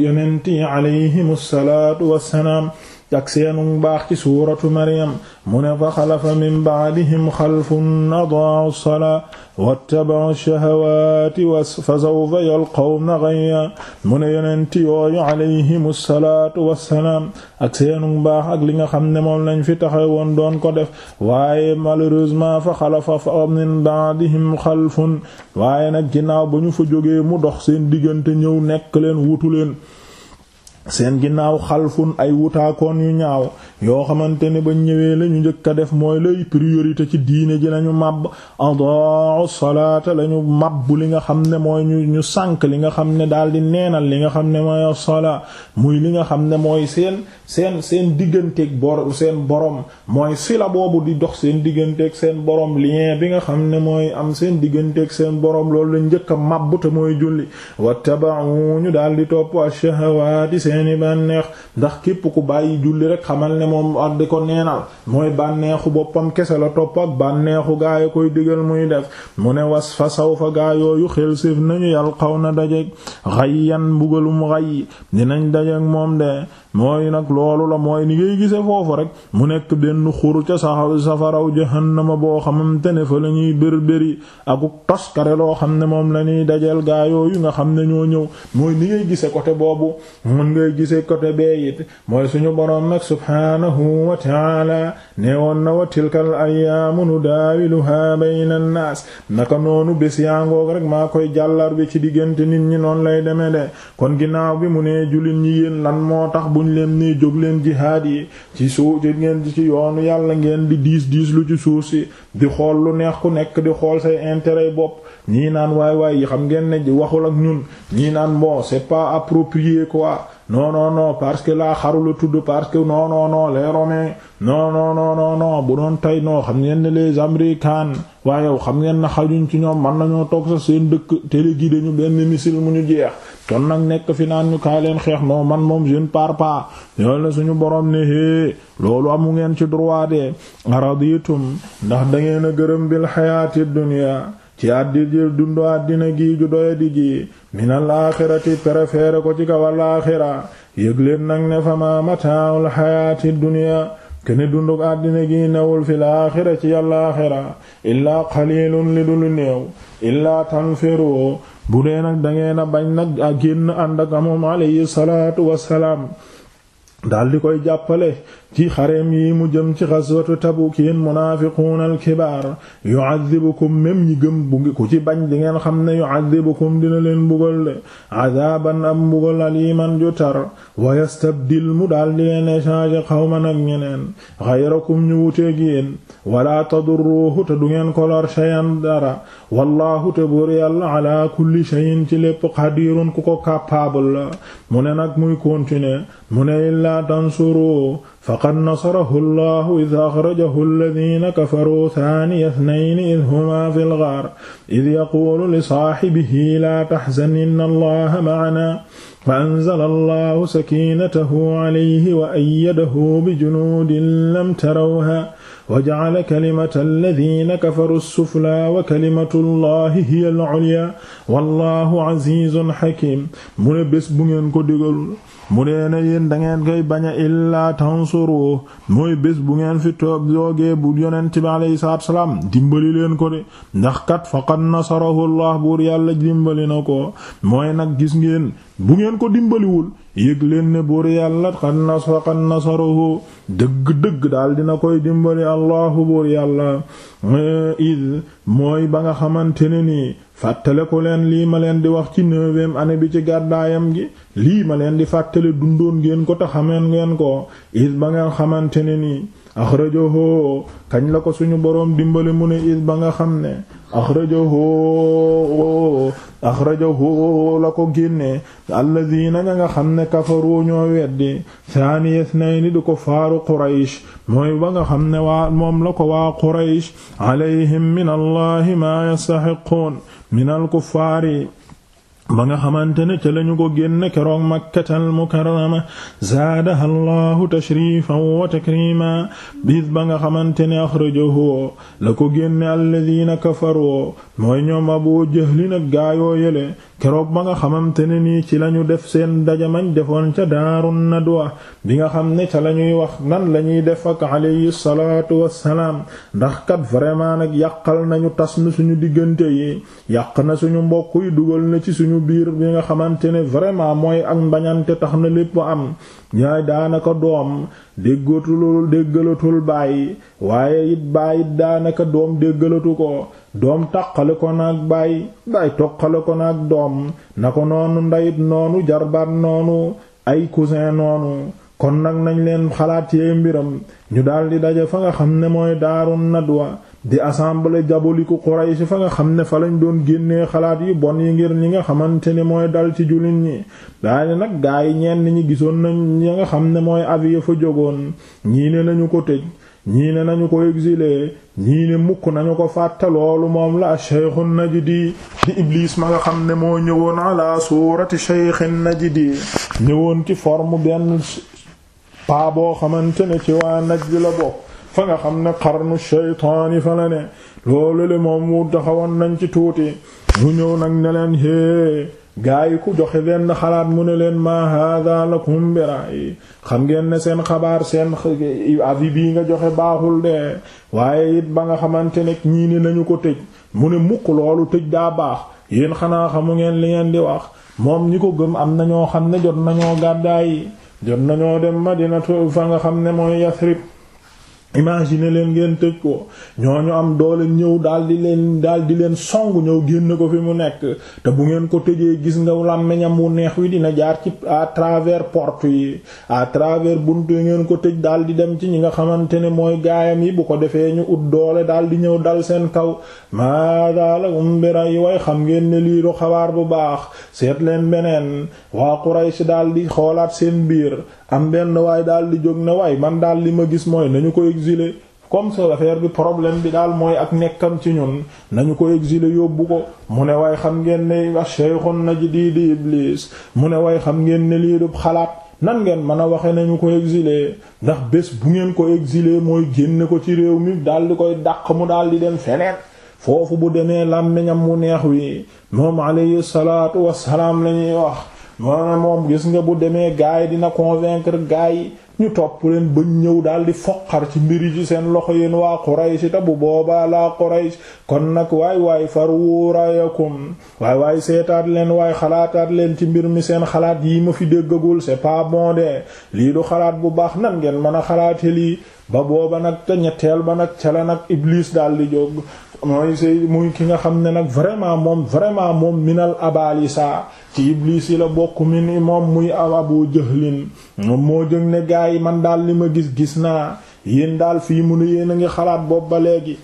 yonent yi alayhimu salaatu wassalaam ak seenu baax ci suuratu Maryam mu ne fa xalafa min ba'dihim xalfun adaa'u salaa wattaba'u shahawaati fa sawfa yalqawna ghayya mu ne yonent yooyu alayhimu salaatu wassalaam ak seenu baax ak li nga xam ne moom lañ fi taxaw woon doon ko def waaye malheureusement fa xalafa min ba'dihim xalfun waaye nag ginnaaw ba ñu fa jógee mu dox seen diggante ñëw nekk leen wutu leen seen ginnaaw xalfun ay wutaakoon yu ñaaw yoo xamante ne ba ñëwee la ñu njëkk a def mooy lay priorité ci diine ji lañu màbb adaa salaata lañu màbb li nga xam ne mooy ñu ñu sànk li nga xam ne daal di neenal li nga xam ne mooy salaa muy li nga xam ne mooy seen seen seen digganteeg bor seen borom mooy sila boobu di dox seen digganteeg seen borom lien bi nga xam ne mooy am seen digganteeg seen borom loolu lañ njëkk a màbb te mooy julli wattaba'u ñu di topp ash-shahawaati seeni bànneex ndax képp ku bàyyi julli rek xamal ne moom ak di ko neenal mooy bànneexu boppam kese la topp ak bànneexu gaaya koy digal muy def mu ne was fa saw fa gaa yooyu xel séef nañu yàlla xaw na dajeek xayyan mbugalum xay dinañ dajeek moom de mooy nag loolu la mooy ni ngay gise foofu rek mu nekk benn xur ca saxaw safaraw jahannama boo xamante ne fa la ñuy bérbéri akuk toskare loo xam ne moom la ñuy dajeel gaa yooyu nga xam ne ñoo ñëw mooy ni ngay gise côté boobu mun ngay gise côté bee it mooy suñu boroom nag subhaanahu wa taala nee woon na wa tilkal ayyaamu nudaawiluhaa bayna an-naas naka noonu bés yaangoog rek maa koy jàllar bi ci diggante nit ñi noon lay deme de kon ginnaaw bi mu nee julin ñi lan moo tax buñ leen nee jóg leen jihaad yi ci suuf ci ngeen ci yoonu yàlla ngeen di diis diis lu ci suuf si di xool lu neex ku nekk di xool say intérêt bopp ñi naan waay waay yi xam ngeen ne waxul ak ñun ñii naan bon c'est pas approprier quoi. non non non parce que la xaru la tudd parce que non non non les romains non non non non bu doon tey non xam ngeen ne les américains waaye yow xam ngeen na xajuñ ci ñoom man nañoo toog seen dëkk téléguidé ñu benn missile mu ñu jeex kon nag nekk fi naan ñu kaay leen xeex non man moom je ne pars pas suñu borom ne hé loolu amu ngeen ci droit de araditum ndax da ngeen a gërëm bil xayaati dunya ci addi ji dundu àddina gi doyadi ji minal aaxirati préféré ko ci kawal aaxira yëg leen ne fa ma mataawul xayaati dunya kene dunduk àddina gi newul fi laaxira ci àllaaxira illaa qalilun li dul néew illaa tanfiru bu dee nag dangeen a bañ nak a génn ànd ak moom alayhi salaatu wassalaam daldi koy jàppale ci xareem yii mu jëm ci xaswatu Tabuk yéen munaafiquuna alkibaar yu'adhibukum même ñi gëm bu ngi ku ci bañ di ngeen xam ne yu'adhibukum dina leen mbugal de adaaban am mbugal aliman ju tar wa yastabdil mu daal di leen échanger qawman ak ñeneen xayrakum ñu wuteeg yéen walaa tadurruuhu te du ngeen ko lor shay'an dara wallaahu te buur yàlla ala kulli shay'in ci lépp qadirun ku ko capable la mu ne nag muy continuer mu ne illaa tansuru faqad nasarahu llahu id axrajahu alladina kafaruu taaniya itnayni id huma fi lgaar id yaquulu li saaxibihi laa taxzan inna allaha macanaa fa anzala allahu sakiinatahu calayhi wa ayyadahu bijunuudin lam tarawha wa jacala kalimata alladina kafaruu suflaa wa kalimatu llahi hiya alculyaa wallahu casiizun xakiim mu ne bés bu ngeen ko digalul mu dee na yéen dangeen ngeen koy bañ a illaa tansuru mooy bés bu ngeen fi toog joogee bu yonent bi alayhi salaatu salaam dimbali leen ko de ndax kat faqad nasarahu allah buur yàlla dimbali na ko mooy nag gis ngeen bu ngeen ko dimbaliwul yëg leen ne buur yàlla qad nas faqad nasarahu dëgg-dëgg daal dina koy dimbali allahu buur yàlla Euh, id mooy ba nga xamante ne nii fàttale ko leen lii ma leen di wax ci neuvième année bi ci gàddaayam gi lii ma leen di fàttale dundoon ngeen ko te xameen ngeen ko is ba nga xamante ne nii rajo axrajahu kañ la ko suñu boroom dimbali mu ne id ba nga xam ne axrajahu axrajahu la ko génne alladina ña nga xam ne kafaru ñoo weddi saani isnayni di ko faaru quraysh mooy ba nga xam ne waa moom la ko waa quraysh alayhim min allahi maa yastaxiqoon min alkuffaari ba nga xamante ne ca lañu ko génn keroog makkatal mukarrama zaadaha allahu tashrifan wa takrima bis ba nga xamante ne axrajahu la ko génne alladina kafaru mooy ñoom abu jahlin ak gaayoo yele keroog ba nga xamante ne nii ci lañu def seen dajamañ defoon ca daarun nadwa bi nga xam ne ca la ñuy wax nan la ñuy def ak alayhi salaatu wassalaam ndax kat vraiment nag yàqal nañu tas na suñu diggante yi yàq na suñu mbokk yi dugal na ci suñu biir bi nga xamante ne vraiment mooy ak mbañante tax na lépp am yaay daanaka doom déggatul déggalatul bàyyi waaye it bàyyi daanaka doom déggalatu ko doom taqale ko naag baay baay toqale ko naag doom na ko noonu ndeyit noonu jarbaat noonu ay cousin noonu kon nag nañ leen xalaat yee mbiram ñu daldi daje fa nga xam ne mooy daarun nadwa di assemblée diabolique Quraysh fa nga xam ne fa lañ doon génnee xalaat yi bon yi ngir ñi nga xamante ni mooy dal ci jullit ñi daane nag gaa yi ñenn ñi gisoon nañ ñi nga xam ne mooy avié fa jógoon ñii ne nañu ko tëj ñii ne nañu ko exiler ñii ne mukk nañu ko fàtte loolu moom la ash-shaykhu najdi ci iblis ma nga xam ne moo ñëwoon ala suurati shaykhi najdi ñëwoon ci forme benn paa boo xamante ne ci waa Najd la bokk fa nga xam ne xarnu shaytaani fa la ne loolu le moom mu taxawoon nañ ci tuuti mu ñëw nag ne hee gaa yi ku joxe benn xalaat mu ne leen ma hada lakum bira'i xam ngeen ne seen xabaar seen avis bii nga joxe baaxul de waaye it ba nga xamante ne ñii ne nañu ko tëj mu ne mukk loolu tëj daa baax yéen xanaa xamu ngeen li ngeen di wax moom ñi ko gëm am na ñoo xam ne jot nañoo gàddaay yi jot nañoo dem madinatu fa nga xam ne mooy Yasrib imagine leen ngeen tëj ko ñu am doole ñëw daal di leen daal di leen song ñëw génn ko fi mu nekk te bu ngeen ko tëjee gis nga làmmiñam wu neex wi dina jaar ci à travers porte yi à travers buntu ngeen ko tëj daal di dem ci ñi nga xamante ne mooy gaayam yi bu ko defee ñu ut doole daal di ñëw dal seen kaw maadaala umbira yi way xam ngeen ne lii du xabaar bu baax seet leen beneen waa Quraysh daal di xoolaat seen biir am benn waaye daal di jóg na waay man daal li ma gis mooy exiler comme ça affaire bi problème bi daal mooy ak nekkam ci ñun nañu ko exiler yóbbu ko mu ne way xam ngeen ne na najdi di iblis mu ne way xam ngeen ne lii du xalaat nan ngeen mën a waxe nañu ko exiler ndax bés bu ngeen ko exiler mooy génne ko ci réew mi daal di koy dàq mu daal di dem feneen foofu bu demee làmmiñam wu neex wi moom alayhi salaatu wassalaam lañuy wax moo ne moom gis nga bu demee gaay dina convaincre gaay yi ñu topp leen ba ñëw daal di foqar ci mbiri ci seen loxo yéen waa Quraysh ta bu boobaa laa Quraysh kon nag waaye waay farwu rayakum waay waaye seetaat leen waaye xalaataat leen ci mbir mi seen xalaat yi ma fi déggagul c'est pas bon de lii du xalaat bu baax nan ngeen mën a xalaate lii ba booba nag te ñetteel ba nag cala nag Iblis daal di jóg mooy say muy ki nga xam ne nag vraiment moom vraiment moom minal abalisa ci iblis yi la bokk min moom muy abu jëxlin moom moo jëg ne gaa yi man daal li ma gis gis naa yéen daal fii mu ne yéen a ngi xalaat boobu ba léegi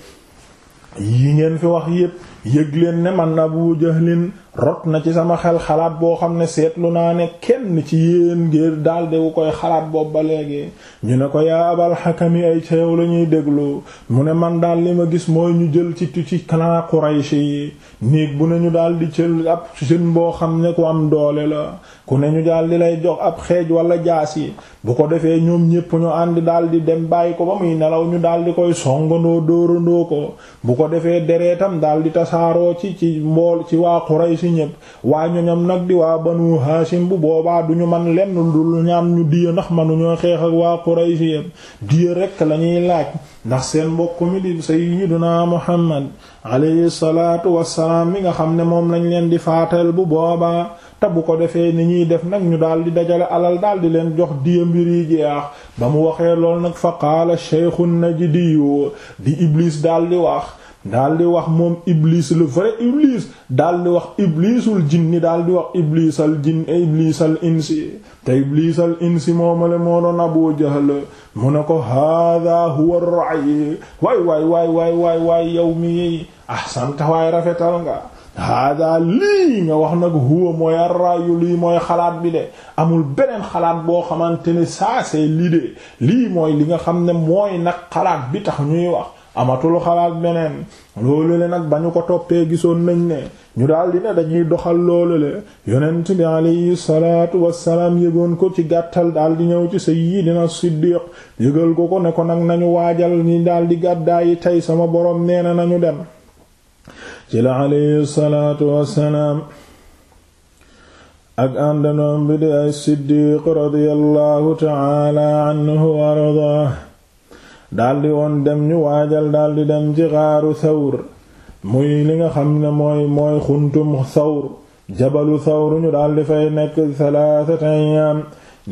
yi ngeen fi wax yépp yëg leen ne man abu jëxlin rot na ci sama xel xalaat boo xam ne seetlu naa ne kenn ci yéen ngir daldi wu koy xalaat boobu ba léegi ñu ne ko yaa abal xakami ay ca yow la ñuy déglu mu ne man daal li ma gis mooy ñu jël ci ci clan Quraysh yi néeg bu ne ñu daldi jël ab jeune boo xam ne ku doole la ku ne ñu daldi lay jox ab xeej wala jaas yi bu ko defee ñoom ñépp ñu ànd daldi dem bàyyi ko ba muy nelaw ñu daldi koy songandoo dóorandoo ko bu ko defee dereetam daldi tasaaroo ci ci mbool ci waa Quraysh fi ñépp waa ñoñam nag di waa banu haashim bu boobaa du ñu man lenn dul ñaan ñu diya ndax ñoo xeex ak waa quraysh yépp diya rekk lañuy laaj ndax seen mbokk mi di sayyiduna muhammad alayhi salaatu wassalaam mi nga xam ne moom lañ leen di faatal bu boobaa te bu ko defee ni ñuy def nag ñu daal di dajale alal daal di leen jox diya mbir yi jeex ba mu waxee lool nag fa qaala shaykhu najdiyu di iblis daal wax daal di wax moom iblis lu vrai iblis daal di wax iblisul jinni daal di wax iblisal jinn iblisal insi te iblisal insi moomale moo doon Abu Jahl mu ne ko hada huwa ar-ra'i waay waay waay waay waay waay yow mi ahsanta waay rafetal nga hada lii nga wax nag huwa mooy arrayu lii mooy xalaat bi de amul beneen xalaat boo xamante ne ça c'est l'idée lii mooy li nga xam ne mooy nag xalaat bi tax ñuy wax amatul xalaat beneen loolu le nag ba ñu ko toppee gisoon nañ ne ñu daal ne dañuy doxal loolu le yonent bi alayhi salaatu wassalaam yëgoon ko ci gàttal daal di ñëw ci sayyidina Siddiq yëgal ko ko ne ko nag nañu waajal ñi daal di gàddaayi tey sama boroom nee nañu dem ci la alayhi salaatu wassalaam ak àndanoom bi di ay Siddiq radiyallahu ta'ala anhu ardaa daldi woon dem ñu waajal daldi dem ci xaaru sawr muy li nga xam ne mooy mooy xuntum sawr jabalu sawr ñu daldi fay nekk salaasata ayyaam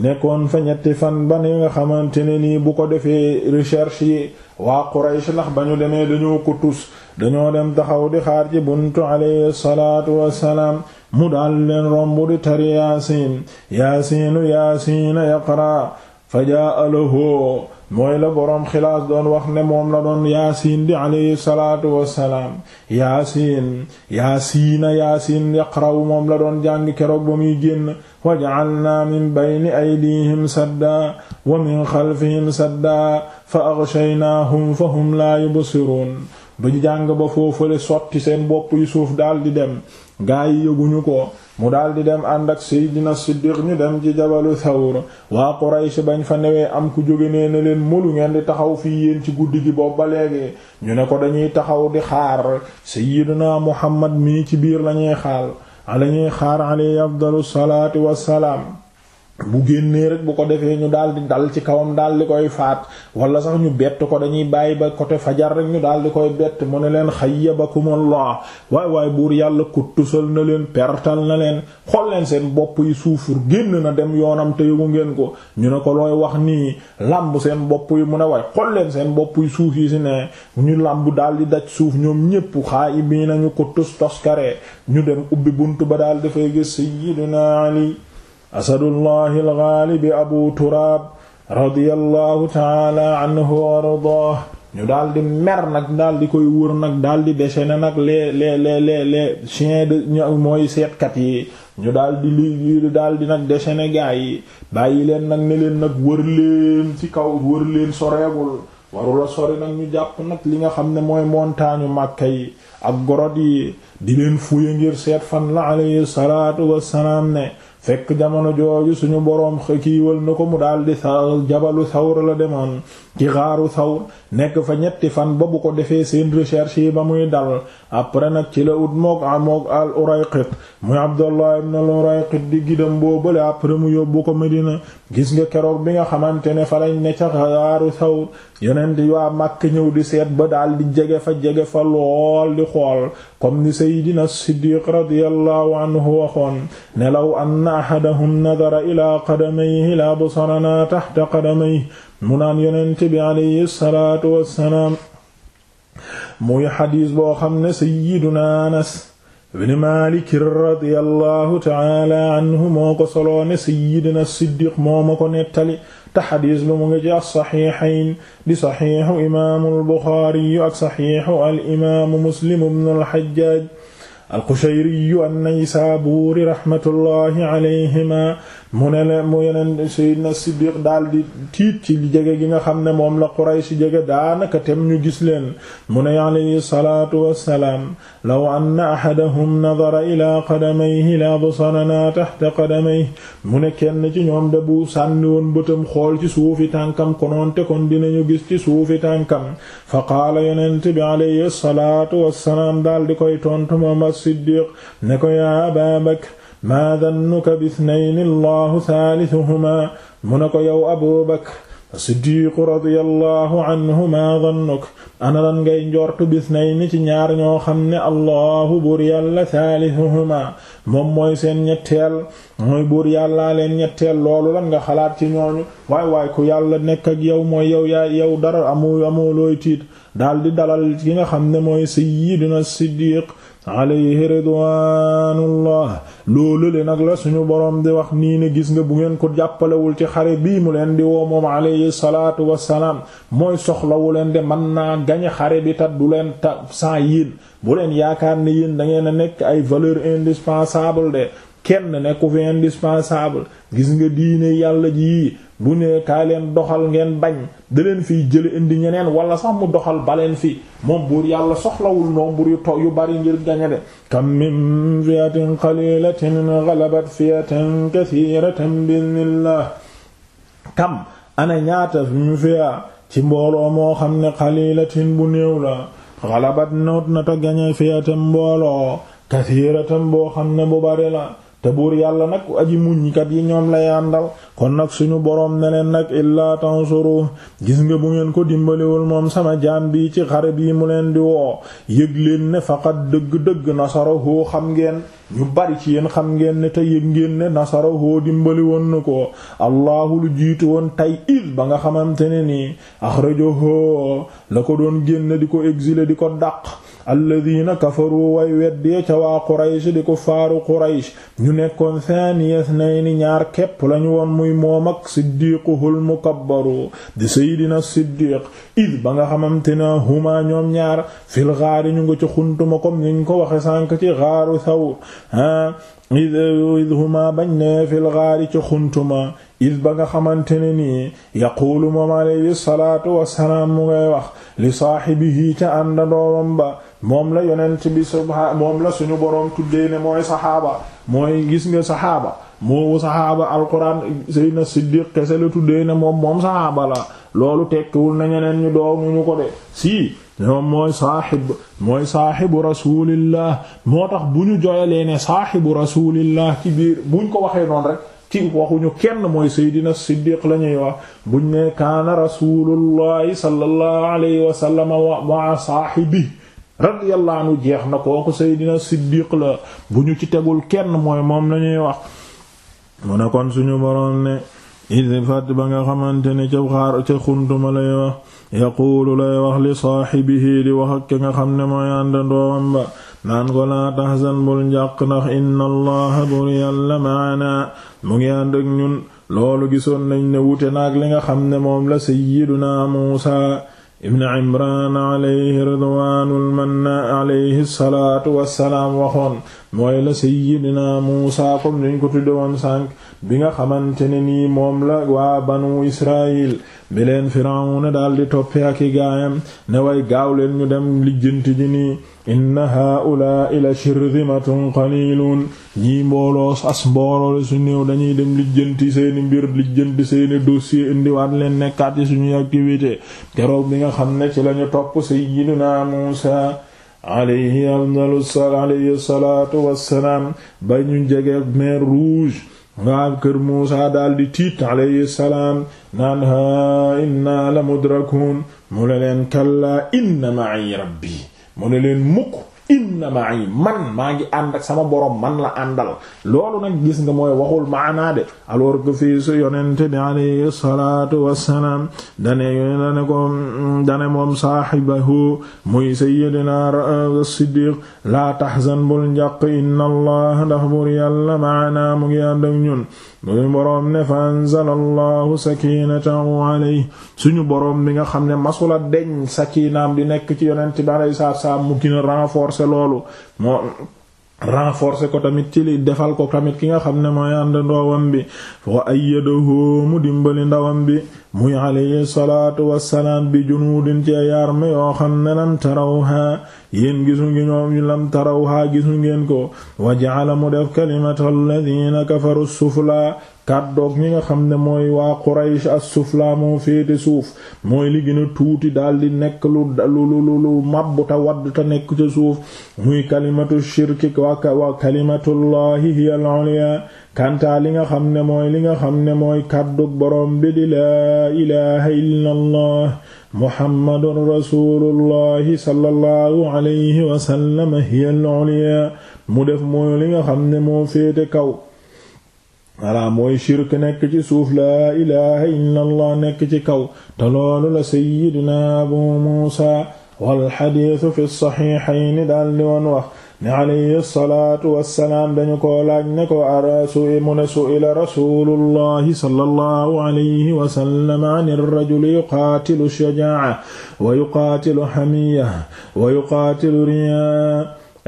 nekkoon fa ñetti fan ba ni nga xamante ne nii bu ko defee recherche yi waa Quraysh ndax ba ñu demee dañoo ko tus dañoo dem taxaw di xaar ci buntu alayhi salaatu wassalaam mu daal leen romb di tari yaasiin yaasiinu yaasiina yaqra fa jaa alahoo mooy la boroom xilaas doon wax ne moom la doon yaasiin di alayhi salaatu wassalaam yaasiin yaasiina yaasiin yaqrawu moom la doon jàng keroog ba muy génn waj'alnaa min bayni aydihim sadda wa min xalfihim sadda fa aghshaynaahum fa hum laa yubsiruun ba jàng ba foofale sotti seen bopp yu suuf daal di dem gaa yi ko mu daal di dem ànd ak Seydina Siddiq ñu dem ci jabalu Thawr waa Quraysh bañ fa newee am ku jóge nee na leen molu ngeen di taxaw fii yéen ci guddi gi boobu ba léegi ñu ne ko dañuy taxaw di xaar Seydina Muhammad mii ci biir lañuy xaar lañuy xaar alayhi afdalu salaatu wassalaam bu génnee rek bu ko defee ñu daal di dal ci kawam daal di koy faat wala sax ñu bett ko dañuy bàyyi ba côté fajar rek ñu daal di koy bett mu ne leen xayyabakumullah waay waaye buur yàlla kuttusal na leen pertal na leen xool leen seen bopp yi suufur génn na dem yoonam te yëgu ngeen ko ñu ne ko looy wax nii làmb seen bopp yi mu ne waay xool seen bopp suuf yi si ne ñu làmb daal di daj suuf ñoom ñépp xaa i bii nañu kuttus toskare ñu dem ubbi bunt ba daal dafay gis sayyidina Ali asadullahi algaalibi abu turaab radiyallahu taala anhu wa ardaah ñu daldi mer nag daldi koy wër nag daldi déchaîner nag les les les les les chiens de mooy seetkat yi ñu daldi li daldi nag déchaîner gaa yi bàyyi leen nag ne leen nag wër leen ci kaw wër leen soreegul warula sori nag ñu jàpp nag li nga xam ne mooy montagne Makka yi ak gorot yi di leen fuye ngir seet fan la alayhi salaatu wassalaam ne fekk jamono jooju suñu boroom kiiwal na ko mu di sa jabalu sawr la demoon ci xaaru sawr nekk fa ñetti fan ba bu ko defee seen recherche yi ba muy dal après nag ci la ut mook amook al urayqit muy abdullah ibn al urayqit di gidam boo bale après mu yóbbu ko medina gis nga keroog bi nga xamante ne fa lañ ne ca xaaru sawr yeneen di waa Makka ñëw di seet ba daal di jege fa jege fa lool di xool comme ni Seydina Siddiq radiyallahu anhu waxoon ne law anna ahadahum nadara ilaa qadamayhi la absaranaa tahta qadamayhi mu naan yonent bi alayhi salaatu wassalaam muy xadiis boo xam ne Seydina Anas ibn Maalik radiyallahu ta'ala anhu moo ko soloone Seydina Siddiq moo ma ko nettali te xadiis bi mu ngi ci as-saxiixayn di saxiixu imaamu al-Buxaari ak saxiixu al-imaamu Muslim ibn al-Hajjaaj al-Qushayri an-Naysaabuuri raxmatullaahi alayhimaa mu ne leen mu yeneen Seydina Siddiq daal di tiit ci jege gi nga xam ne moom la Quraysh jege daanaka tem ñu gis leen mu ne alayhi salaatu wassalaam law anna ahadahum nadara ilaa qadamayhi la absaranaa tahta qadamayhi mu ne kenn ci ñoom da bu sànni woon bëtam xool ci suufi tànkam konoonte kon dinañu gis ci suufi tànkam fa qaala yonent bi alayhi salaatu wassalaam daal di koy tontu moom as-Siddiq ne ko yaa Abaa Bakr maa dannuka bisnayni allahu thaalisuhumaa mu ne ko yow abu bakr siddiqu radiyallahu anhu maa dannuk ana lan ngay njort bisnayni ci ñaar ñoo xam ne allahu buur yàlla thaalisuhumaa moom mooy seen ñetteel mooy buur yàllaa leen ñetteel loolu lan nga xalaat ci ñooñu waay waay ku yàlla nekk ak yow mooy yow yaa yow dara amu amoo looy tiit daldi dalal ki nga xam ne mooy sayyidina siddiq alayhi ridwaanullah loo le nag la suñu boroom di wax nii ne gis nga bu ngeen ko jàppalewul ci xare bii mu leen di woo moom alayhi salaatu wassalaam mooy soxlawu leen de man naa gañe xare bi ta du leen ta sans yiin bu leen yaakaar ne yéen da ngeen a nekk ay valeur indispensable de kenn nekku fi indispensable gis nga diine yàlla ji bu ne kaa leen doxal ngeen bañ da leen fiy jële indi ñeneen wala sax mu doxal baleen fi moom buur yàlla soxlawul nombre yu to yu bari ngir gañe de kam min fiatin qalilatin ghalabat fiatan kathiratan bi'nillah kam ana ñaata ñu fiya ci mbooloo moo xam ne qalilatin bu néew la ghalabat noot na gañe fiatan mbooloo kathiratan boo xam ne bu bari la te buur yàlla nag aji muñkat yi ñoom la yàndal kon nag suñu boroom ne leen nag illaa tansuru gis nga bu ngeen ko dimbaliwul moom sama jaam bi ci xare bii mu leen di woo yëg leen ne faqat dëgg-dëgg nasarahu xam ngeen ñu bari ci yéen xam ngeen ne te yëg ngeen ne nasarahu dimbali woon na ko allahu lu jiitu woon tey id ba nga xamante ne nii axrajahu la ko doon génn di ko exiler di ko dàq alladina kafaru way weddee ca waa Quraysh di kuffaaru Quraysh ñu nekkoon thaniya snayni ñaar képp lañu woon muy moom ak siddiquhul mukabbaru di seydina siddiq id ba nga xamante na huma ñoom ñaar fil gaari ñu ngi ci xuntuma comme niñ ko waxe sànk ci gaaru Thawr ah id huma bañ ne fil gaari ci xuntuma id ba nga xamante ne nii yaquulu moom alayhi salaatu wassalaam mu ngay wax li saahibihi ca àndandoomam ba moom la yonent bi subha moom la suñu boroom tuddee ne mooy saxaaba mooy gis nga saxaaba moowu saxaaba alquran Seydina Siddiq kese la tuddee ne moom moom saxaaba la loolu tekkiwul na ñeneen ñu doonuñu ko de si moom mooy saaxib mooy saaxibu rasulillah moo tax bu ñu joyalee ne saaxibu rasulillah ci biir buñ ko waxee noonu rek ci waxuñu kenn mooy Seydina Siddiq la ñuy wax buñ ne kaana rasulullahi sallallahu alayhi wa sallam wa saaxibi radiyallahu anhu jeex na kooku Seydina Siddiq la bu ñu ci tegul kenn mooy moom lañuy wax mu ne kon suñu boroom ne id fat ba nga xamante ne ca xaar ca xuntuma lay wax yaquulu lay wax li saaxibihi di wax ak nga xam ne mooy àndandoowam ba naan ko laa tahzan bul njàq ndax inna allaha bur yàlla maana mu ngi ànd ak ñun loolu gisoon nañ ne wute naag li nga xam ne moom la sayyiduna Muusaa ibn imran alayhi ridwanul manna alayhi salaatu wassalaam waxoon mooy la sayyidina muusa comme dañ ko tudde woon sànq bi nga xamante ne nii moom la waa banu israil bi leen firawna daal di toppe ak i gaayam ne way gaawleen ñu dem lijjanti ji nii a haa'ulaa'i la shirdimatun qaliilun ñii mbooloo as mbooloo la su néew dañuy dem lijjanti seeni mbir lijjanti seeni dossier indiwaat leen nekkaat ci suñuy activité keroog bi nga xam ne ci lañu topp sayyidina Muusaa alayhi afdalu alayhi salaatu ba ñu jege mer rouge kër Muusaa daldi tiit alayhi salaam naan haa inna la mudrakuun mu la inna ma'i rabbi mu ne leen mukk inna ma'i man maa ngi ànd ak sama borom man la àndal loolu nag gis nga mooy waxul maanaa de alors que fii su yonente bi alayhi salaatu wassalaam dane dane ko dane moom saahibahu muy sayyidina as-siddiq euh, laa tahzan bul njàq inna allah ndax yàlla maanaa mu ngi ànd ak ñun muy boroom ne fa anzala allahu sakinatahu alayhi suñu boroom bi nga xam ne masula deñ sakinaam di nekk ci yonent bi alayhi salaam mu gën a renforcer loolu renforcer ko tamit ci li defal ko tamit ki nga xam ne mooy ànd ndawam bi wa ayyadahu mu dimbali ndawam bi muy alayhi salaatu wassalaam bi junuudin ci yarme yoo xam ne lam tarawha yéen gisu ngi ñoom lam tarawha gisu ngeen ko wa ja'ala mu def kalimatu alladhina kafaru sufla kàddoog ñi nga xam ne mooy waa Quraysh as-sufla moo féete suuf mooy li gën tuuti daldi nekk lu lu lu lu mabbu ta wadd nekk ca suuf muy kalimatu shirki wa kalimatullahi hiya al-ulya kantaa li nga xam ne mooy li nga xam ne mooy kàddug boroom bi sallallahu alayhi wa sallam hiya al mu def mooy li nga xam ne moo féete kaw voilà mooy shirk nekk ci suuf laa ilaha illa allah nekk ci kaw te loolu la sayyidina abu muusa walxadiisu fi saxiixayni daal di woon wax ne alayhi salaatu wassalaam dañu koo laaj ne ko arasu mu ne su'ila rasulullahi sallallahu alayhi wasallam an ar-rajuli yuqaatilu shajaa'a wa yuqaatilu hamiyya wa yuqaatilu riyaa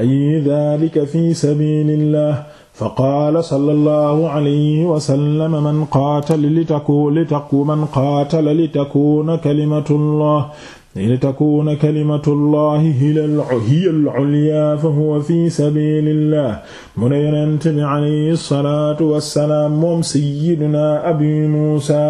ay daalika fi sabiilillah fa qaala sallallahu alayhi wa sallam man qaatala li taku li taku man qaatala li takuuna kalimatullah li takuuna kalimatullahi hiya al-ulyaa fa huwa fi sabiilillah mu ne yonent bi alayhi salaatu wassalaam moom sayyidunaa Abii Muusaa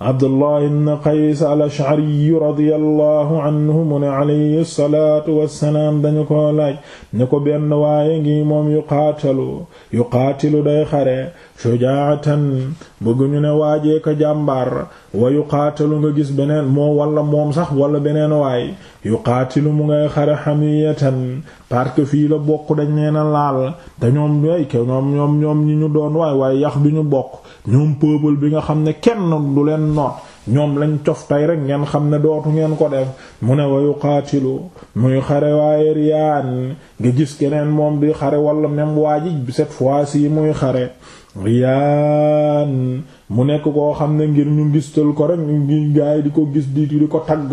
Abdullah ibn Qays al-Ash'ari radiyallahu anhu mu ne alayhi salaatu wassalaam dañu ko laaj ne ko benn waaye ngi moom yuqaatalu yuqaatilu day xare shujaatan bëgguñu ne waajee ko jàmbaar wa yuqaatalu nga gis beneen moom wala moom sax wala beneen waay yuqaatilu mu ngay xare hamiyatan parce que fii la bokk dañ nee a laal te ñoom way ke ñoom ñoom ñoom ñi ñu doon waay waaye yax bi ñu bokk ñoom peuple bi nga xam ne kenn du leen noot ñoom lañ cof rek ngeen xam ne dootu ngeen ko def mu ne wa yuqaatilu muy xare waaye riyaan nga gis keneen moom di xare wala même waa ji cette fois ci muy xare riyaan mu nekk koo xam ne ngir ñu ngistal ko rek ngi gaay di ko gis di di ko tagg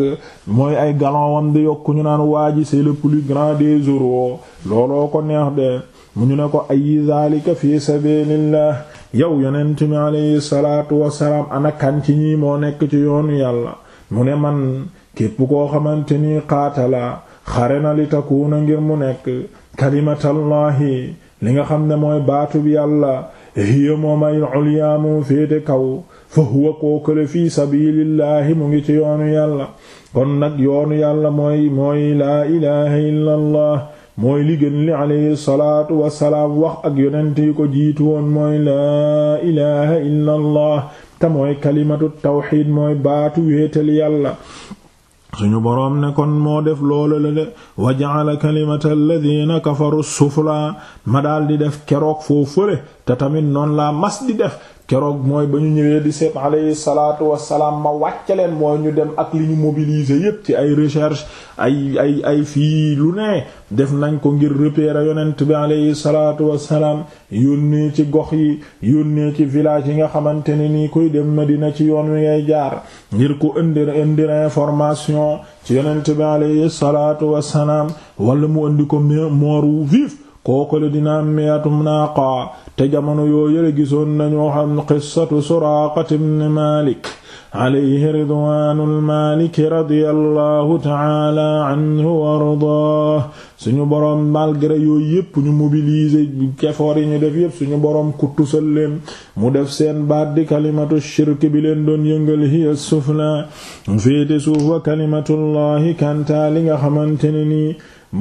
mooy ay galon wam di yokk ñu naan waa ji c'est le plus grand des euros looloo ko neex de mu ñu ne ko ayi zalika fi sabilillah yow yonent mi salaatu wasalaam ana kan ci ñi moo nekk ci yoonu yàlla mu ne man képp koo xamante ni xaatala xare na li takuuna ngir mu nekk kalimatallahi li nga xam ne mooy baatu bi yàlla hiya moom ay ulyaa moo féete kaw fa huwa kookale fii sabilillahi mu ngi ci yoon yàlla kon nag yoon yàlla mooy mooy laa ilaha illa mooy li gën li alayhi salaatu wasalaam wax ak yonent yi ko jiitu woon mooy laa ilaha illa allah te kalimatu tawxiid mooy baatu wéetal yàlla suñu boroom ne kon moo def loolu la de wa ja'ala kalimata alladhina kafaru sufla ma daal di def keroog foo fële te tamit noonu laa mas di def keroog mooy ba ñu ñëwee di seet alayhi salaatu wassalaam ma wàcce leen mooy ñu dem ak li ñu mobiliser yépp ci ay recherche ay ay ay fii lu ne def nañ ko ngir repérer yonent bi alayhi salaatu wassalaam yónnee ci gox yi yónnee ci village yi nga xamante ne nii koy dem ma dina ci yoon wi ngay jaar ngir ku indi indi information ci yonent bi alayhi salaatu wassalaam wala mu indi ko mort vif kookale dina am miatum naaqa te jamono yoo yële gisoon nañoo xam qissatu suraaqati ibn malik alayhi ridwaanul maliki radiyallahu taala anhu wa ardaah borom boroom malgré yooyu yépp ñu mobiliser effort yi ñu def yépp suñu borom ku tusal mu def seen baat di kalimatu shirk bi leen doon yëngal hiya sufla kantaa li nga xamante ne nii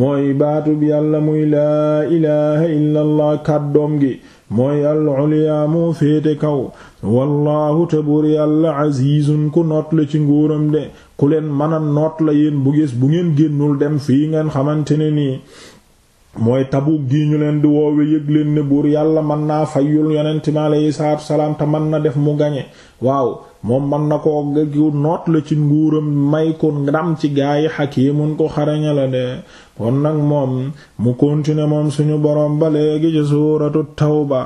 mooy baatub yàlla muy laa ilaha illa kàddoom gi mooy al ulya moo féete kaw wallaahu te buur yàlla azizun ku noot la ci nguuram de ku leen mën a noot la yéen bu gis bu ngeen génnul dem fii ngeen xamante ne nii mooy tabu gi ñu leen di woowe yëg leen ne buur yàlla mën naa fayyul yonent mi aleyhi salaatu wa salaam te mën na def mu gañe waaw moom mën na ko giw noot la ci nguuram may ko ndam ci yi gaayi xakiimun ko xaraña la de kon nag moom mu continuer moom suñu borom ba léegi ci suuratu tawba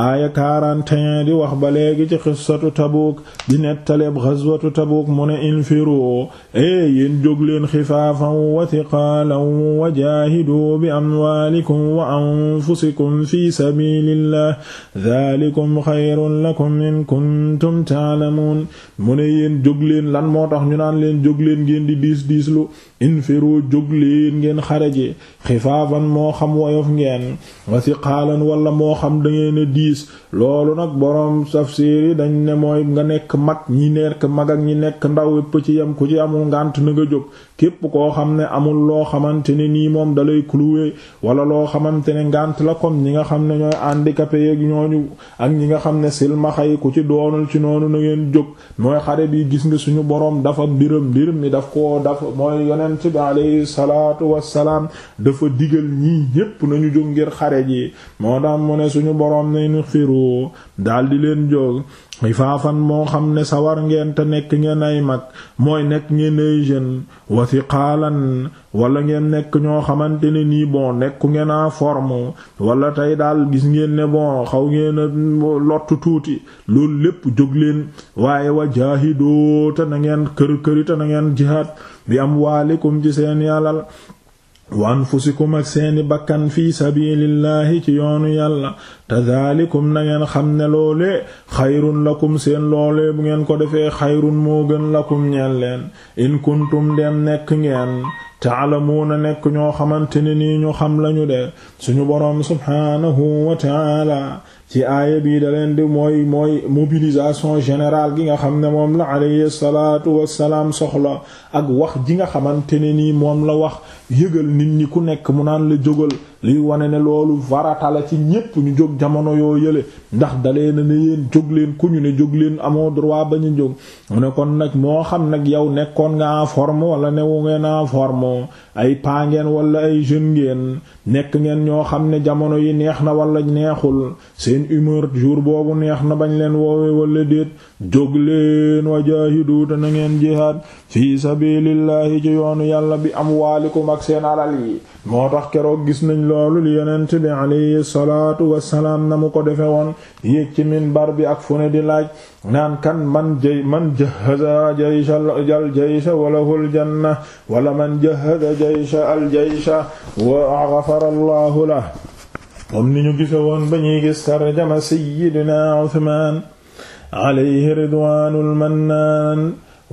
aaya 41 di wax ba léegi ci xissatu tabuuk di nettaleeb xaswatu tabuuk mu ne infiru ee eh, yéen jóg leen xifaafan wa tiqaalan wa jaahidu bi amwaalikum wa anfusikum fi sabilillah dhalikum xayrun lakum in kuntum ta'lamun mu ne yéen jóg leen lan moo tax ñu naan leen jóg leen ngeen di diis diislu infiru jóg leen ngeen xaraji xifaafan moo xam woyof ngeen wa siqaalan wala moo xam da ngeen a diis loolu nag boroom tafsiir yi dañ ne mooy nga nekk mag ñi nekk mag ak ñi nekk ndaw yépp ci yam ku ci amul ngant na nga jóg képp koo xam ne amul loo xamante ne nii moom dalay clouer wala loo xamante ne ngant la comme ñi nga xam ne ñooy handicapé yeeg ñooñu ak ñi nga xam ne silmaxa yi ku ci doonul ci noonu na ngeen jóg mooy xare bi gis nga suñu boroom daf ko daf mooy yoneen yonent bi alayhi salaatu wassalaam dafa digal ñii ñépp nañu jóg ngir xare ji moo tax mu ne suñu boroom ne nu xiru daldi leen jóg ifaafan moo xam ne sawar ngeen te nekk ngeen ay mag mooy nekk ngeen ay jeune wasiqaalan wala ngeen nekk ñoo xamante ne nii bon nekku ngeen en forme wala tey daal gis ngeen ne bon xaw ngeen a tuuti loolu lépp jóg leen waaye wa jaahidoo te na ngeen kër këri te na ngeen jihaad bi am waalikum ci seen yàllal wa anfusikum ak seeni bakkan fi sabilillahi ci yoonu yàlla te daalikum na ngeen xam ne loolee xayrun lakum seen loole bu ngeen ko defee xayrun moo gën lakum ñeen leen in kuntum dem nekk ngeen taalamuuna nekk ñoo xamante ne nii ñu xam lañu de suñu boroom subhaanahu wa taala ci aaya bii da leen di mooy mooy mobilisation générale gi nga xam ne moom la alayhi salaatu wassalaam soxla ak wax ji nga xamante ne nii moom la wax yëgal nit ñi ku nekk mu naan la jógal liy wane ne loolu farata la ci ñépp ñu jóg jamono yoo yële ndax dalee na ne yéen jóg leen ku ñu ne jóg leen amoo droit ba ñu jóg ne kon nag moo xam nag yow nekkoon nga en forme wala newu ngeen en forme ay paa ngeen wala ay jeune ngeen nekk ngeen ñoo xam ne jamono yi neex na wala neexul seen humeur jour boobu neex na bañ leen woowe wala déet jóg leen wajaahidu te na ngeen jihaad fi sabilillahi ci yoonu yàlla bi amwaalikum ak seen alal yi moo tax keroog gis nañ loolu li yonent bi alayhi salaatu wassalaam na mu ko defe woon yéeg ci minbar bi ak fu ne di laaj naan kan man jay man jahaza jaysha al jaysha wa lahu al janna wala man jahaza jaysha al jaysha wa ghafara allahu lah moom ni ñu gise woon ba ñuy gis tarjama sayyidina Uthman alayhi ridwaanul mannaan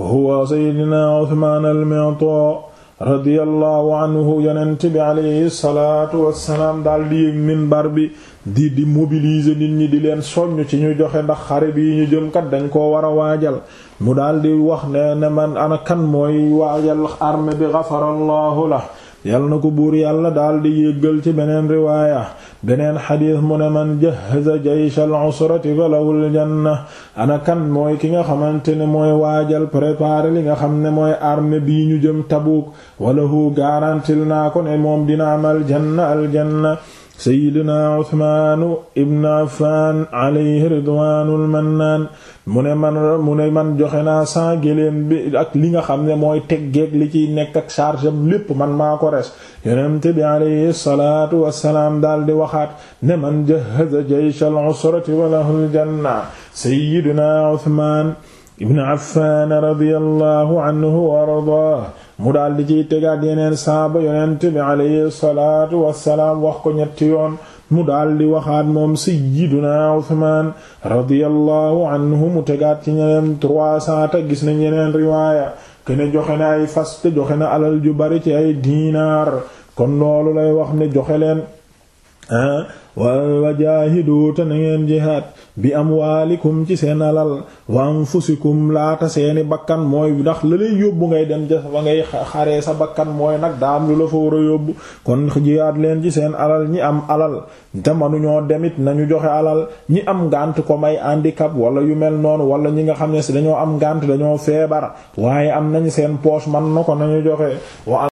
huwa sayyidina Uthman al-Mi'taa radiyallahu anhu yonent bi alayhi salaatu wassalaam daal di yéeg minbar bi di di mobiliser nit ñi di leen soññ ci ñu joxe ndax xare bi ñu jëm kat dañ koo war a waajal mu daal di wax ne ne man ana kan mooy waajal armée bi gafarallahu la yal na ko buur yàlla daal di yéggal ci beneen riwaaya beneen xadiis mu ne man jahaza jaysh al usrati falahul janna ana kan mooy ki nga xamante ne mooy waajal préparer li nga xam ne mooy armée bii ñu jëm Tabuuk walahu garantil naa ko ne moom dina am aljanna aljanna seydina uthmaanu ibn affan alayhi ridwanul mannaan mu ne man mu ne man joxe naa saa géléem bi ak li nga xam ne mooy teggeeg li ciy nekk ak charge am lépp man maa ko res yonent bi alayhi salaatu wassalaam daal di waxaat ne man jahaza jaysh al usrati wa lahul janna seydina uthmaan ibn affan radiyallahu anhu wa ardaahu mu daal di ciy tegaat yeneen saaba yonent bi alayhi salaatu wassalaam wax ko ñetti yoon mu daal di waxaat moom sayyiduna Usmaan radiyallahu anhu mu tegaat ci ñeneen trois cent gis nañ yeneen riwaaya kene joxe na ay fas joxe na alal ju bari ci ay diinaar kon loolu lay wax ne joxe leen ah wa jaahidu te na ngeen jihaad bi amwaalikum ci seen alal wa anfusikum laata seeni bakkan mooy ndax la lay yóbbu ngay dem ja ba ngay xaree sa bakkan mooy nag daa am lu la fa war a yóbbu kon jihaad leen ci seen alal ñi am alal te ñoo demit nañu joxe alal ñi am ngànt ko may handicap wala yu mel noonu wala ñi nga xam ne si dañoo am ngànt dañoo feebar waaye am nañ seen poche man na ko nañu joxe